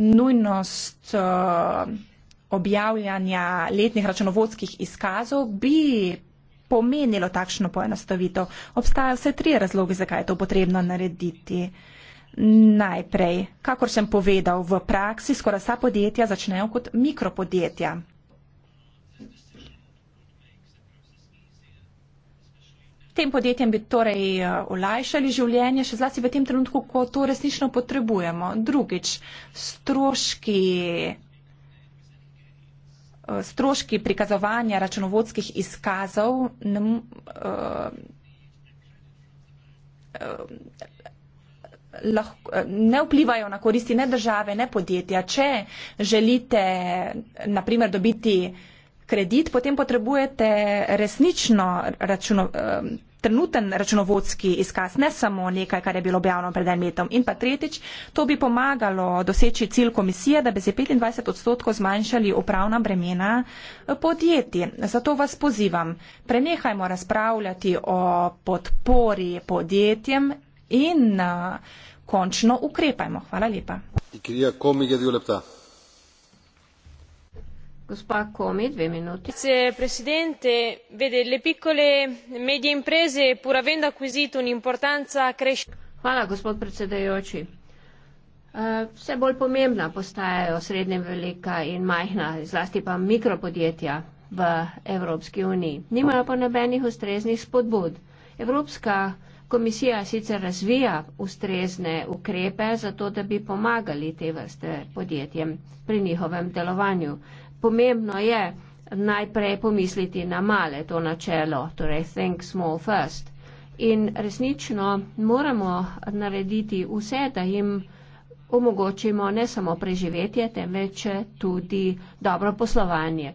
nujnost eh, objavljanja letnih računovodskih izkazov bi pomenilo takšno poenostavitev. Obstajajo vse tri razloge, zakaj je to potrebno narediti. Najprej, kakor sem povedal, v praksi skoraj vsa podjetja začnejo kot mikropodjetja. tem podjetjem bi torej eh, olajšali življenje, še zlasti v tem trenutku, ko to resnično potrebujemo. Drugič, stroški, eh, stroški prikazovanja računovodskih izkazov ne, eh, eh, lahko, eh, ne vplivajo na koristi ne države, ne podjetja. Če želite, na primer, dobiti kredit, potem potrebujete resnično računovodsko trenuten računovodski izkaz, ne samo nekaj, kar je bilo objavljeno pred enim letom. In pa tretjič, to bi pomagalo doseči cilj komisije, da bi za 25 odstotkov zmanjšali upravna bremena eh, podjetij. Zato vas pozivam, prenehajmo razpravljati o podpori podjetjem in eh, končno ukrepajmo. Hvala lepa signora presidente onorevoli colleghi le piccole e medie imprese pur avendo acquisito un'importanza crescente. Eh, vse bolj pomembna postajajo srednja velika in majhna zlasti pa mikropodjetja v evropski uniji nimajo pa nobenih ustreznih spodbud. evropska komisija sicer razvija ustrezne ukrepe zato da bi pomagali te vrste podjetjem pri njihovem delovanju pomembno je najprej pomisliti na male to načelo, torej think small first. In resnično moramo narediti vse, da jim omogočimo ne samo preživetje, temveč tudi dobro poslovanje.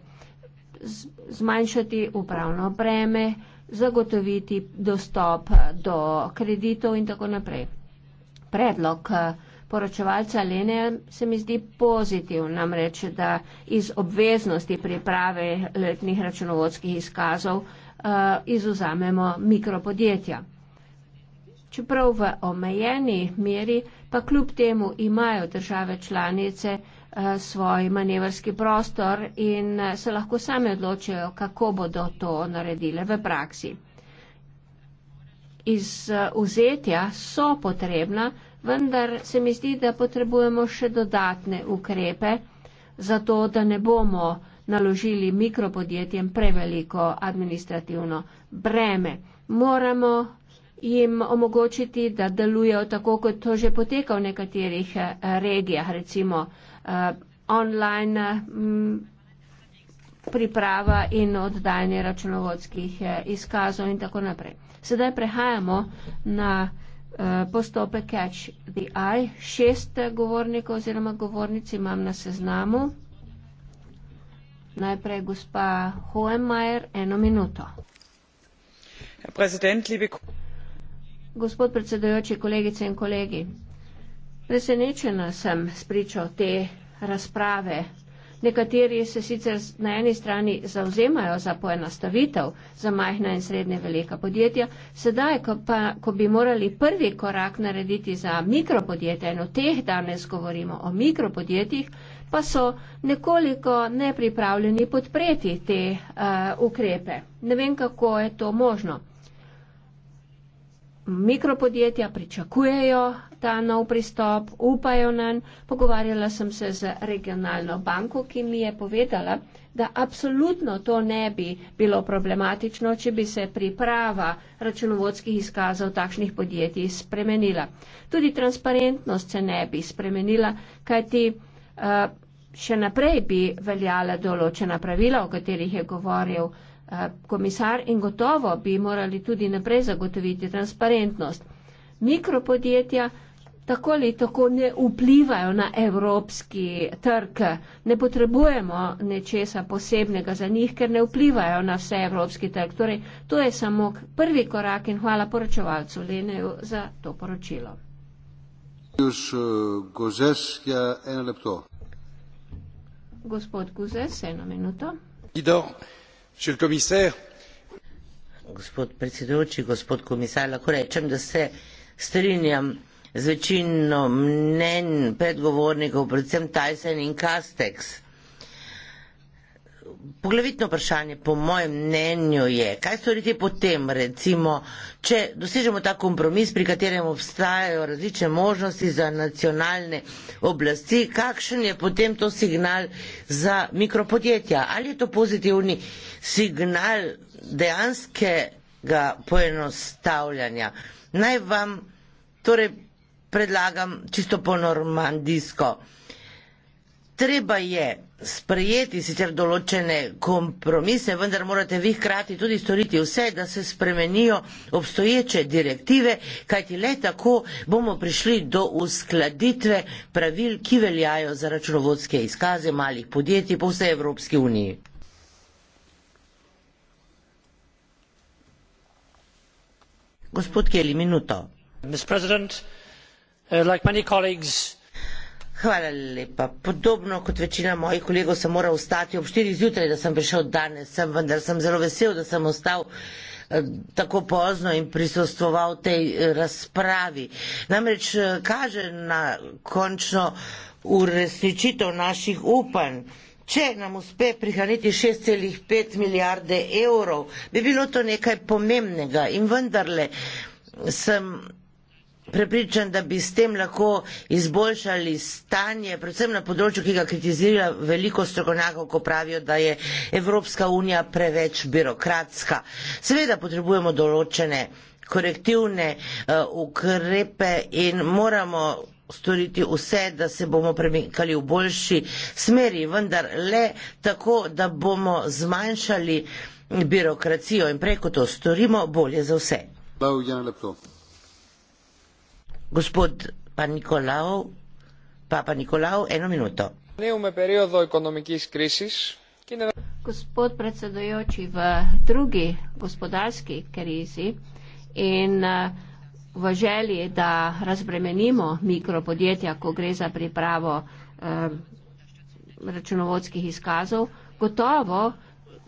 Zmanjšati upravno breme, zagotoviti dostop do kreditov in tako naprej. Predlog poročevalca Lene se mi zdi pozitiv, namreč, da iz obveznosti priprave letnih računovodskih izkazov uh, eh, izuzamemo mikropodjetja. Čeprav v omejeni meri, pa kljub temu imajo države članice uh, svoj manevrski prostor in uh, se lahko same odločijo, kako bodo to naredile v praksi. Iz uh, vzetja so potrebna, vendar se mi zdi, da potrebujemo še dodatne ukrepe, zato da ne bomo naložili mikropodjetjem preveliko administrativno breme. Moramo jim omogočiti, da delujejo tako, kot to že poteka v nekaterih eh, regijah, recimo eh, online mm, priprava in oddajanje računovodskih eh, izkazov in tako naprej. Sedaj prehajamo na Eh, postopek Catch the Eye. Šest govornikov oziroma govornic imam na seznamu. Najprej gospa Hohenmajer, eno minuto. Gospod predsedujoči, kolegice in kolegi, presenečena sem spričal te razprave Nekateri se sicer na eni strani zauzemajo za poenostavitev za majhna in srednje velika podjetja, sedaj, ko, pa, ko bi morali prvi korak narediti za mikropodjetja in o teh danes govorimo o mikropodjetjih, pa so nekoliko nepripravljeni podpreti te uh, ukrepe. Ne vem, kako je to možno mikropodjetja pričakujejo ta nov pristop, upajo na njen. Pogovarjala sem se z regionalno banko, ki mi je povedala, da absolutno to ne bi bilo problematično, če bi se priprava računovodskih izkazov takšnih podjetij spremenila. Tudi transparentnost se ne bi spremenila, kajti eh, še naprej bi veljala določena pravila, o katerih je govoril Eh, komisar in gotovo bi morali tudi naprej zagotoviti transparentnost. Mikropodjetja tako ali tako ne vplivajo na evropski trg. Ne potrebujemo nečesa posebnega za njih, ker ne vplivajo na vse evropski trg. Torej, to je samo prvi korak in hvala poročevalcu Leneju za to poročilo. Juž eh, Gozeskja, eno lepto. Gospod Guzes, eno minuto. Ido gospod predsedujoči gospod komisar lahko rečem da se strinjam z večino mnenj predgovornikov predvsem tyson in castex poglavitno vprašanje po mojem mnenju je kaj storiti potem recimo če dosežemo ta kompromis pri katerem obstajajo različne možnosti za nacionalne oblasti kakšen je potem to signal za mikropodjetja ali je to pozitivni signal dejanskega poenostavljanja. Naj vam torej predlagam čisto po normandijsko. Treba je sprejeti sicer določene kompromise, vendar morate vi hkrati tudi storiti vse, da se spremenijo obstoječe direktive, kajti le tako bomo prišli do uskladitve pravil, ki veljajo za računovodske izkaze malih podjetij po vsej Evropski uniji. miss president uh, like many colleagues Hvala lepa. Podobno kot večina mojih kolegov sem moral vstati ob 4 zjutraj, da sem prišel danes, sem vendar sem zelo vesel, da sem ostal eh, tako pozno in prisostoval tej eh, razpravi. Namreč eh, kaže na končno uresničitev naših upanj. Če nam uspe prihraniti 6,5 milijarde evrov, bi bilo to nekaj pomembnega in vendarle sem prepričan, da bi s tem lahko izboljšali stanje, predvsem na področju, ki ga kritizira veliko strokovnjakov, ko pravijo, da je Evropska unija preveč birokratska. Seveda potrebujemo določene korektivne uh, ukrepe in moramo storiti vse, da se bomo premikali v boljši smeri, vendar le tako, da bomo zmanjšali birokracijo in preko to storimo bolje za vse. Gospod pa Nikolaov, papa Nikolaov, eno minuto. Gospod predsedujoči, v drugi gospodarski krizi in uh, v želji, da razbremenimo mikropodjetja, ko gre za pripravo eh, računovodskih izkazov, gotovo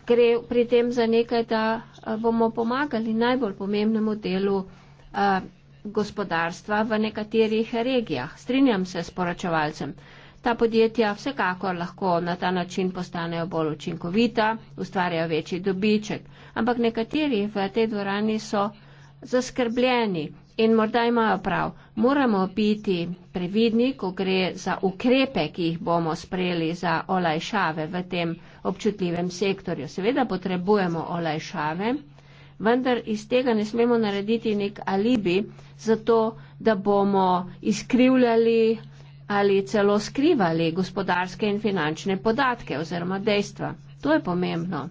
gre pri tem za nekaj, da eh, bomo pomagali najbolj pomembnemu delu eh, gospodarstva v nekaterih regijah. Strinjam se s poročevalcem. Ta podjetja vsekakor lahko na ta način postanejo bolj učinkovita, ustvarjajo večji dobiček, ampak nekateri v tej dvorani so zaskrbljeni. In morda imajo prav. Moramo biti previdni, ko gre za ukrepe, ki jih bomo sprejeli za olajšave v tem občutljivem sektorju. Seveda potrebujemo olajšave, vendar iz tega ne smemo narediti nek alibi za to, da bomo izkrivljali ali celo skrivali gospodarske in finančne podatke oziroma dejstva. To je pomembno.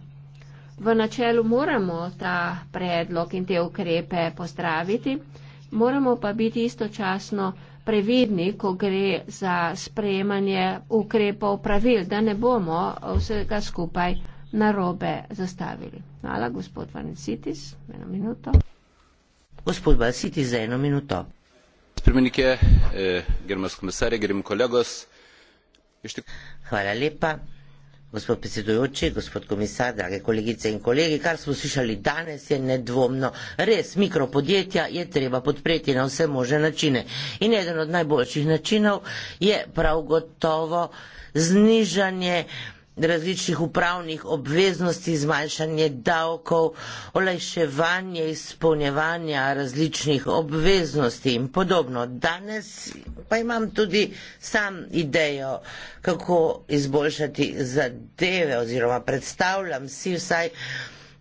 V načelu moramo ta predlog in te ukrepe pozdraviti. Moramo pa biti istočasno previdni, ko gre za sprejemanje ukrepov pravil, da ne bomo vsega skupaj narobe zastavili. Hvala, gospod Vanesitis, eno minuto. Gospod Vanesitis, za eno minuto. Spremenike, eh, gremo s komisarjem, gremo kolegos. Ište... Hvala lepa. Gospod predsedujoči, gospod komisar, drage kolegice in kolegi, kar smo slišali danes je nedvomno. Res, mikropodjetja je treba podpreti na vse možne načine. In eden od najboljših načinov je prav gotovo znižanje različnih upravnih obveznosti, zmanjšanje davkov, olajševanje izpolnjevanja različnih obveznosti in podobno. Danes pa imam tudi sam idejo, kako izboljšati zadeve oziroma predstavljam si vsaj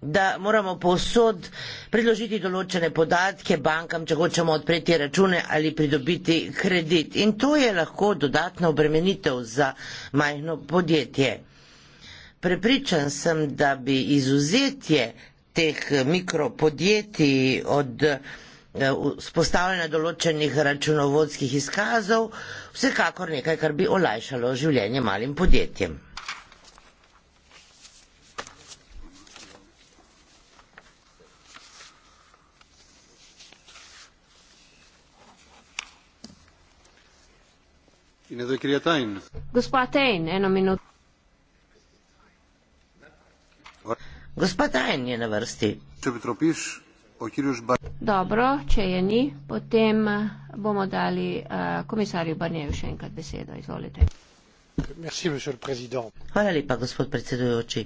da moramo posod predložiti določene podatke bankam, če hočemo odpreti račune ali pridobiti kredit. In to je lahko dodatna obremenitev za majhno podjetje. Prepričan sem, da bi izuzetje teh mikropodjetij od spostavljanja eh, določenih računovodskih izkazov vsekakor nekaj, kar bi olajšalo življenje malim podjetjem. Gospa Tejn, eno minuto. Gospod Dajen je na vrsti. Če bi tropiš, o kirju žba. Dobro, če je ni, potem eh, bomo dali uh, komisarju Barnjevu še enkrat besedo. Izvolite. Merci, Hvala lepa, gospod predsedujoči.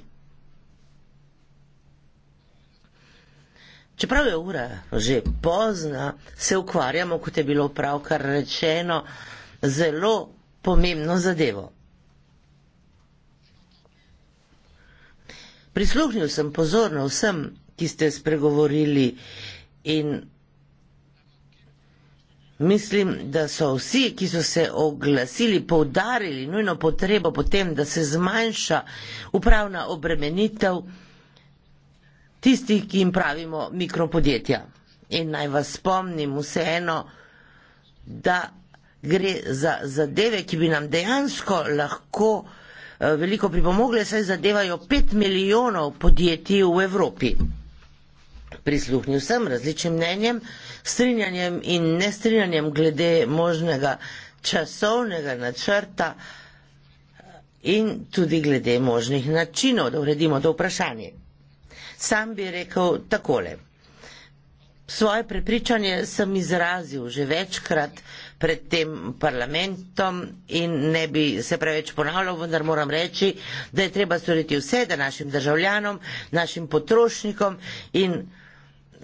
Čeprav je ura že pozna, se ukvarjamo, kot je bilo pravkar rečeno, zelo pomembno zadevo. Prisluhnil sem pozorno vsem, ki ste spregovorili in mislim, da so vsi, ki so se oglasili, poudarili nujno potrebo potem, da se zmanjša upravna obremenitev tistih, ki jim pravimo mikropodjetja. In naj vas spomnim vseeno, da gre za zadeve, ki bi nam dejansko lahko Eh, veliko pripomogle, saj zadevajo pet milijonov podjetij v Evropi. Prisluhnil sem različnim mnenjem, strinjanjem in nestrinjanjem glede možnega časovnega načrta in tudi glede možnih načinov, da uredimo to vprašanje. Sam bi rekel takole. Svoje prepričanje sem izrazil že večkrat, pred tem parlamentom in ne bi se preveč ponavljal, vendar moram reči, da je treba storiti vse, da našim državljanom, našim potrošnikom in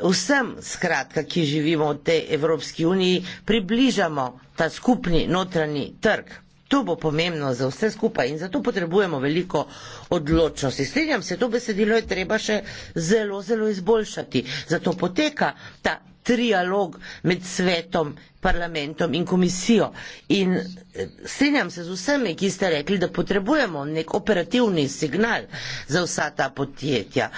vsem skratka, ki živimo v tej Evropski uniji, približamo ta skupni notranji trg. To bo pomembno za vse skupaj in zato potrebujemo veliko odločnosti. Strenjam se, to besedilo je treba še zelo, zelo izboljšati. Zato poteka ta trialog med svetom, parlamentom in komisijo. In eh, strinjam se z vsemi, ki ste rekli, da potrebujemo nek operativni signal za vsa ta podjetja.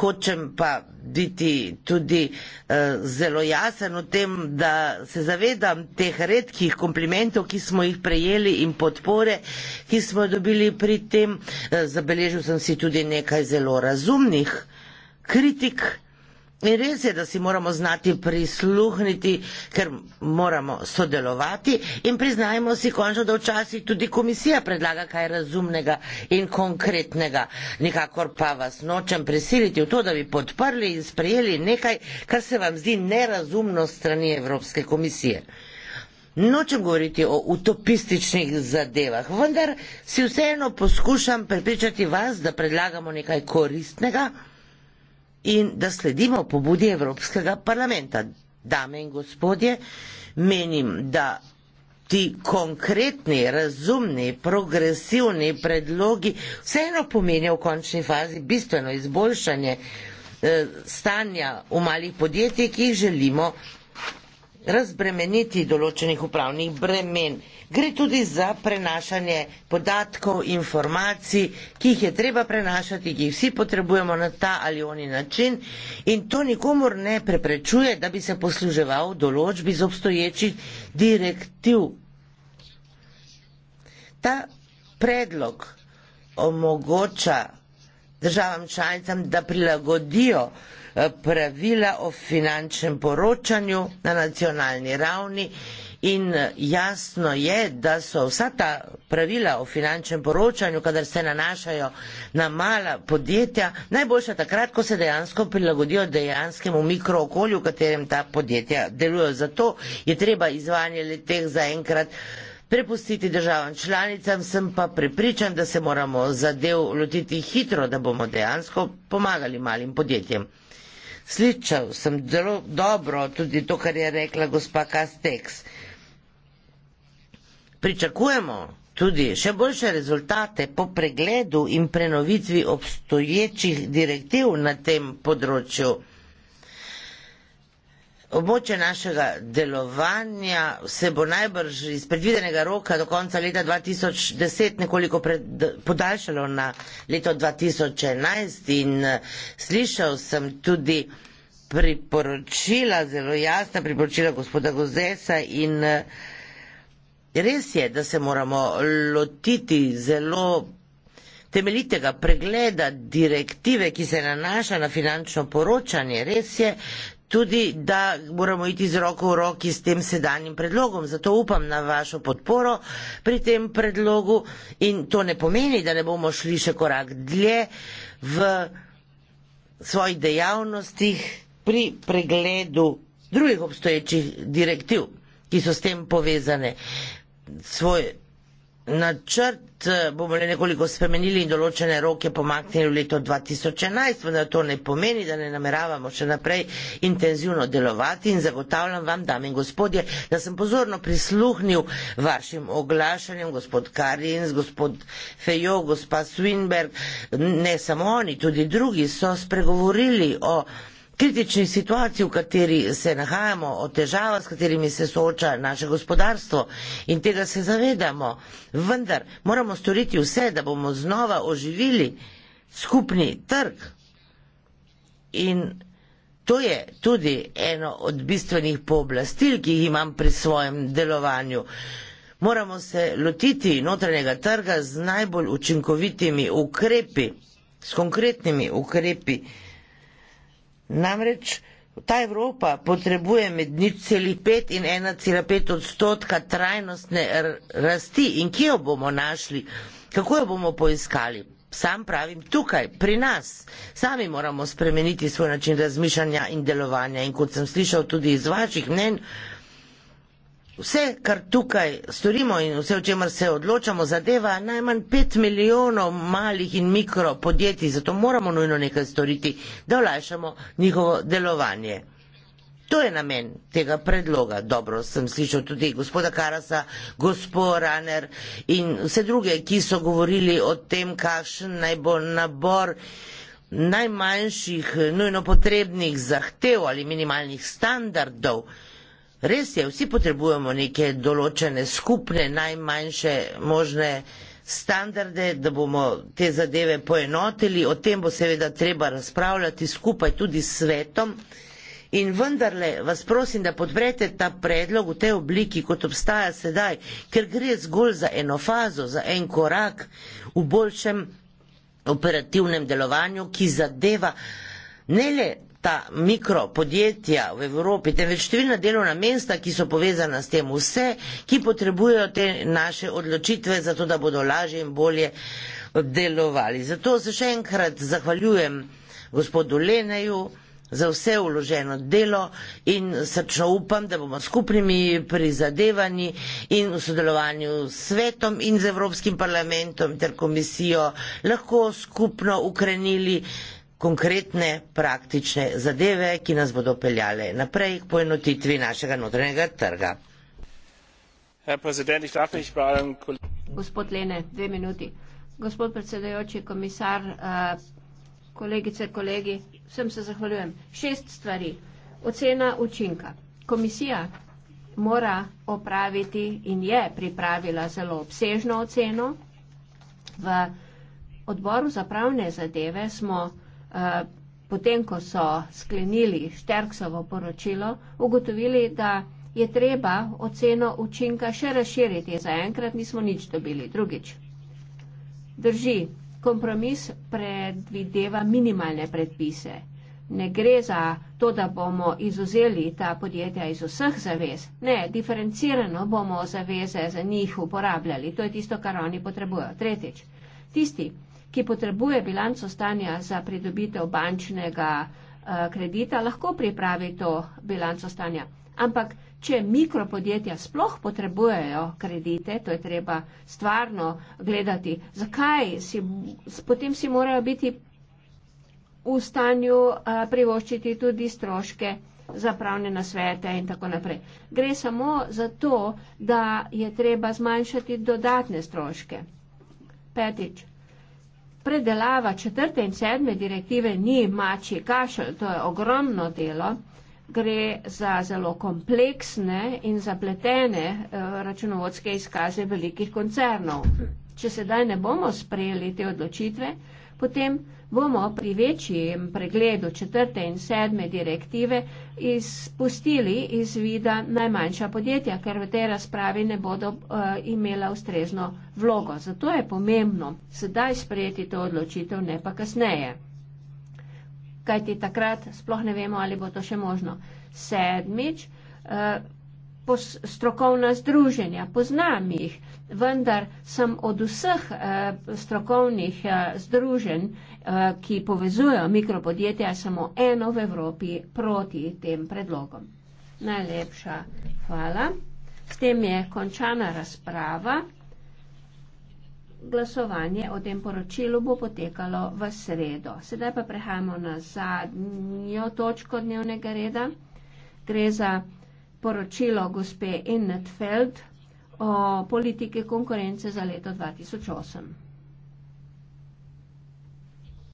Hočem pa biti tudi uh, zelo jasen v tem, da se zavedam teh redkih komplimentov, ki smo jih prejeli in podpore, ki smo dobili pri tem. Uh, zabeležil sem si tudi nekaj zelo razumnih kritik. In res je, da si moramo znati prisluhniti, ker moramo sodelovati in priznajmo si končno, da včasih tudi komisija predlaga kaj razumnega in konkretnega. Nikakor pa vas nočem prisiliti v to, da bi podprli in sprejeli nekaj, kar se vam zdi nerazumno strani Evropske komisije. Nočem govoriti o utopističnih zadevah, vendar si vseeno poskušam prepričati vas, da predlagamo nekaj koristnega in da sledimo pobudi Evropskega parlamenta. Dame in gospodje, menim, da ti konkretni, razumni, progresivni predlogi vseeno pomenijo v končni fazi bistveno izboljšanje eh, stanja v malih podjetjih, ki jih želimo razbremeniti določenih upravnih bremen. Gre tudi za prenašanje podatkov, informacij, ki jih je treba prenašati, ki jih vsi potrebujemo na ta ali oni način in to nikomor ne preprečuje, da bi se posluževal določb iz obstoječih direktiv. Ta predlog omogoča državam članicam, da prilagodijo Eh, pravila o finančnem poročanju na nacionalni ravni in eh, jasno je, da so vsa ta pravila o finančnem poročanju, kadar se nanašajo na mala podjetja, najboljša takrat, ko se dejansko prilagodijo dejanskemu mikrookolju, v katerem ta podjetja delujejo. Zato je treba izvajanje teh zaenkrat prepustiti državam članicam, sem pa prepričan, da se moramo zadev lotiti hitro, da bomo dejansko pomagali malim podjetjem. Slišal sem zelo dobro tudi to, kar je rekla gospa Kasteks. Pričakujemo tudi še boljše rezultate po pregledu in prenovitvi obstoječih direktiv na tem področju. Območje našega delovanja se bo najbrž iz predvidenega roka do konca leta 2010 nekoliko pred, podaljšalo na leto 2011 in eh, slišal sem tudi priporočila, zelo jasna priporočila gospoda Gozesa in eh, res je, da se moramo lotiti zelo temeljitega pregleda direktive, ki se nanaša na finančno poročanje. Res je, tudi, da moramo iti z roko v roki s tem sedanjim predlogom. Zato upam na vašo podporo pri tem predlogu in to ne pomeni, da ne bomo šli še korak dlje v svojih dejavnostih pri pregledu drugih obstoječih direktiv, ki so s tem povezane. Svoj Načrt eh, bomo le nekoliko spremenili in določene roke pomaknili v leto 2011, vendar to ne pomeni, da ne nameravamo še naprej intenzivno delovati in zagotavljam vam, dame in gospodje, da sem pozorno prisluhnil vašim oglašanjem, gospod Karins, gospod Fejo, gospa Swinberg, ne samo oni, tudi drugi so spregovorili o kritični situaciji, v kateri se nahajamo, o težava, s katerimi se sooča naše gospodarstvo in tega se zavedamo. Vendar moramo storiti vse, da bomo znova oživili skupni trg. In to je tudi eno od bistvenih pooblastil, ki jih imam pri svojem delovanju. Moramo se lotiti notranjega trga z najbolj učinkovitimi ukrepi, s konkretnimi ukrepi. Namreč ta Evropa potrebuje med 0,5 in 1,5 odstotka trajnostne rasti in kje jo bomo našli, kako jo bomo poiskali. Sam pravim tukaj, pri nas. Sami moramo spremeniti svoj način razmišljanja in delovanja in kot sem slišal tudi iz vaših mnen, Vse, kar tukaj storimo in vse, o čemer se odločamo, zadeva najmanj pet milijonov malih in mikro podjetij, zato moramo nujno nekaj storiti, da olajšamo njihovo delovanje. To je namen tega predloga. Dobro, sem slišal tudi gospoda Karasa, gospod Raner in vse druge, ki so govorili o tem, kakšen naj bo nabor najmanjših nujno potrebnih zahtev ali minimalnih standardov. Res je, vsi potrebujemo neke določene skupne, najmanjše možne standarde, da bomo te zadeve poenotili. O tem bo seveda treba razpravljati skupaj tudi s svetom. In vendarle vas prosim, da podprete ta predlog v tej obliki, kot obstaja sedaj, ker gre zgolj za eno fazo, za en korak v boljšem operativnem delovanju, ki zadeva ne le ta mikropodjetja v Evropi, temveč številna delovna mesta, ki so povezana s tem vse, ki potrebujejo te naše odločitve, zato da bodo lažje in bolje delovali. Zato se še enkrat zahvaljujem gospodu Leneju za vse uloženo delo in srčno upam, da bomo skupnimi prizadevanji in v sodelovanju s svetom in z Evropskim parlamentom ter komisijo lahko skupno ukrenili konkretne, praktične zadeve, ki nas bodo peljale naprej k poenotitvi našega notranjega trga. Gospod Lene, dve minuti. Gospod predsedajoči komisar, eh, kolegice, kolegi, vsem se zahvaljujem. Šest stvari. Ocena učinka. Komisija mora opraviti in je pripravila zelo obsežno oceno. V odboru za pravne zadeve smo Eh, potem ko so sklenili Šterksovo poročilo, ugotovili, da je treba oceno učinka še razširiti. Zaenkrat nismo nič dobili. Drugič. Drži, kompromis predvideva minimalne predpise. Ne gre za to, da bomo izuzeli ta podjetja iz vseh zavez. Ne, diferencirano bomo zaveze za njih uporabljali. To je tisto, kar oni potrebujejo. Tretjič. Tisti, ki potrebuje bilanco stanja za pridobitev bančnega eh, kredita, lahko pripravi to bilanco stanja. Ampak, če mikropodjetja sploh potrebujejo kredite, to je treba stvarno gledati, zakaj si, potem si morajo biti v stanju eh, privoščiti tudi stroške za pravne nasvete in tako naprej. Gre samo za to, da je treba zmanjšati dodatne stroške. Petič predelava četrte in sedme direktive ni mači kašelj, to je ogromno delo. Gre za zelo kompleksne in zapletene eh, računovodske izkaze velikih koncernov. Če sedaj ne bomo sprejeli te odločitve, potem bomo pri večjem pregledu četrte in sedme direktive izpustili iz vida najmanjša podjetja, ker v tej razpravi ne bodo uh, imela ustrezno vlogo. Zato je pomembno sedaj sprejeti to odločitev, ne pa kasneje. Kaj ti takrat sploh ne vemo, ali bo to še možno. Sedmič, uh, strokovna združenja, poznam jih vendar sem od vseh eh, strokovnih eh, združenj, eh, ki povezujejo mikropodjetja, samo eno v Evropi proti tem predlogom. Najlepša hvala. S tem je končana razprava. Glasovanje o tem poročilu bo potekalo v sredo. Sedaj pa prehajamo na zadnjo točko dnevnega reda. Gre za poročilo gospe Innetfeld o politike konkurence za leto 2008.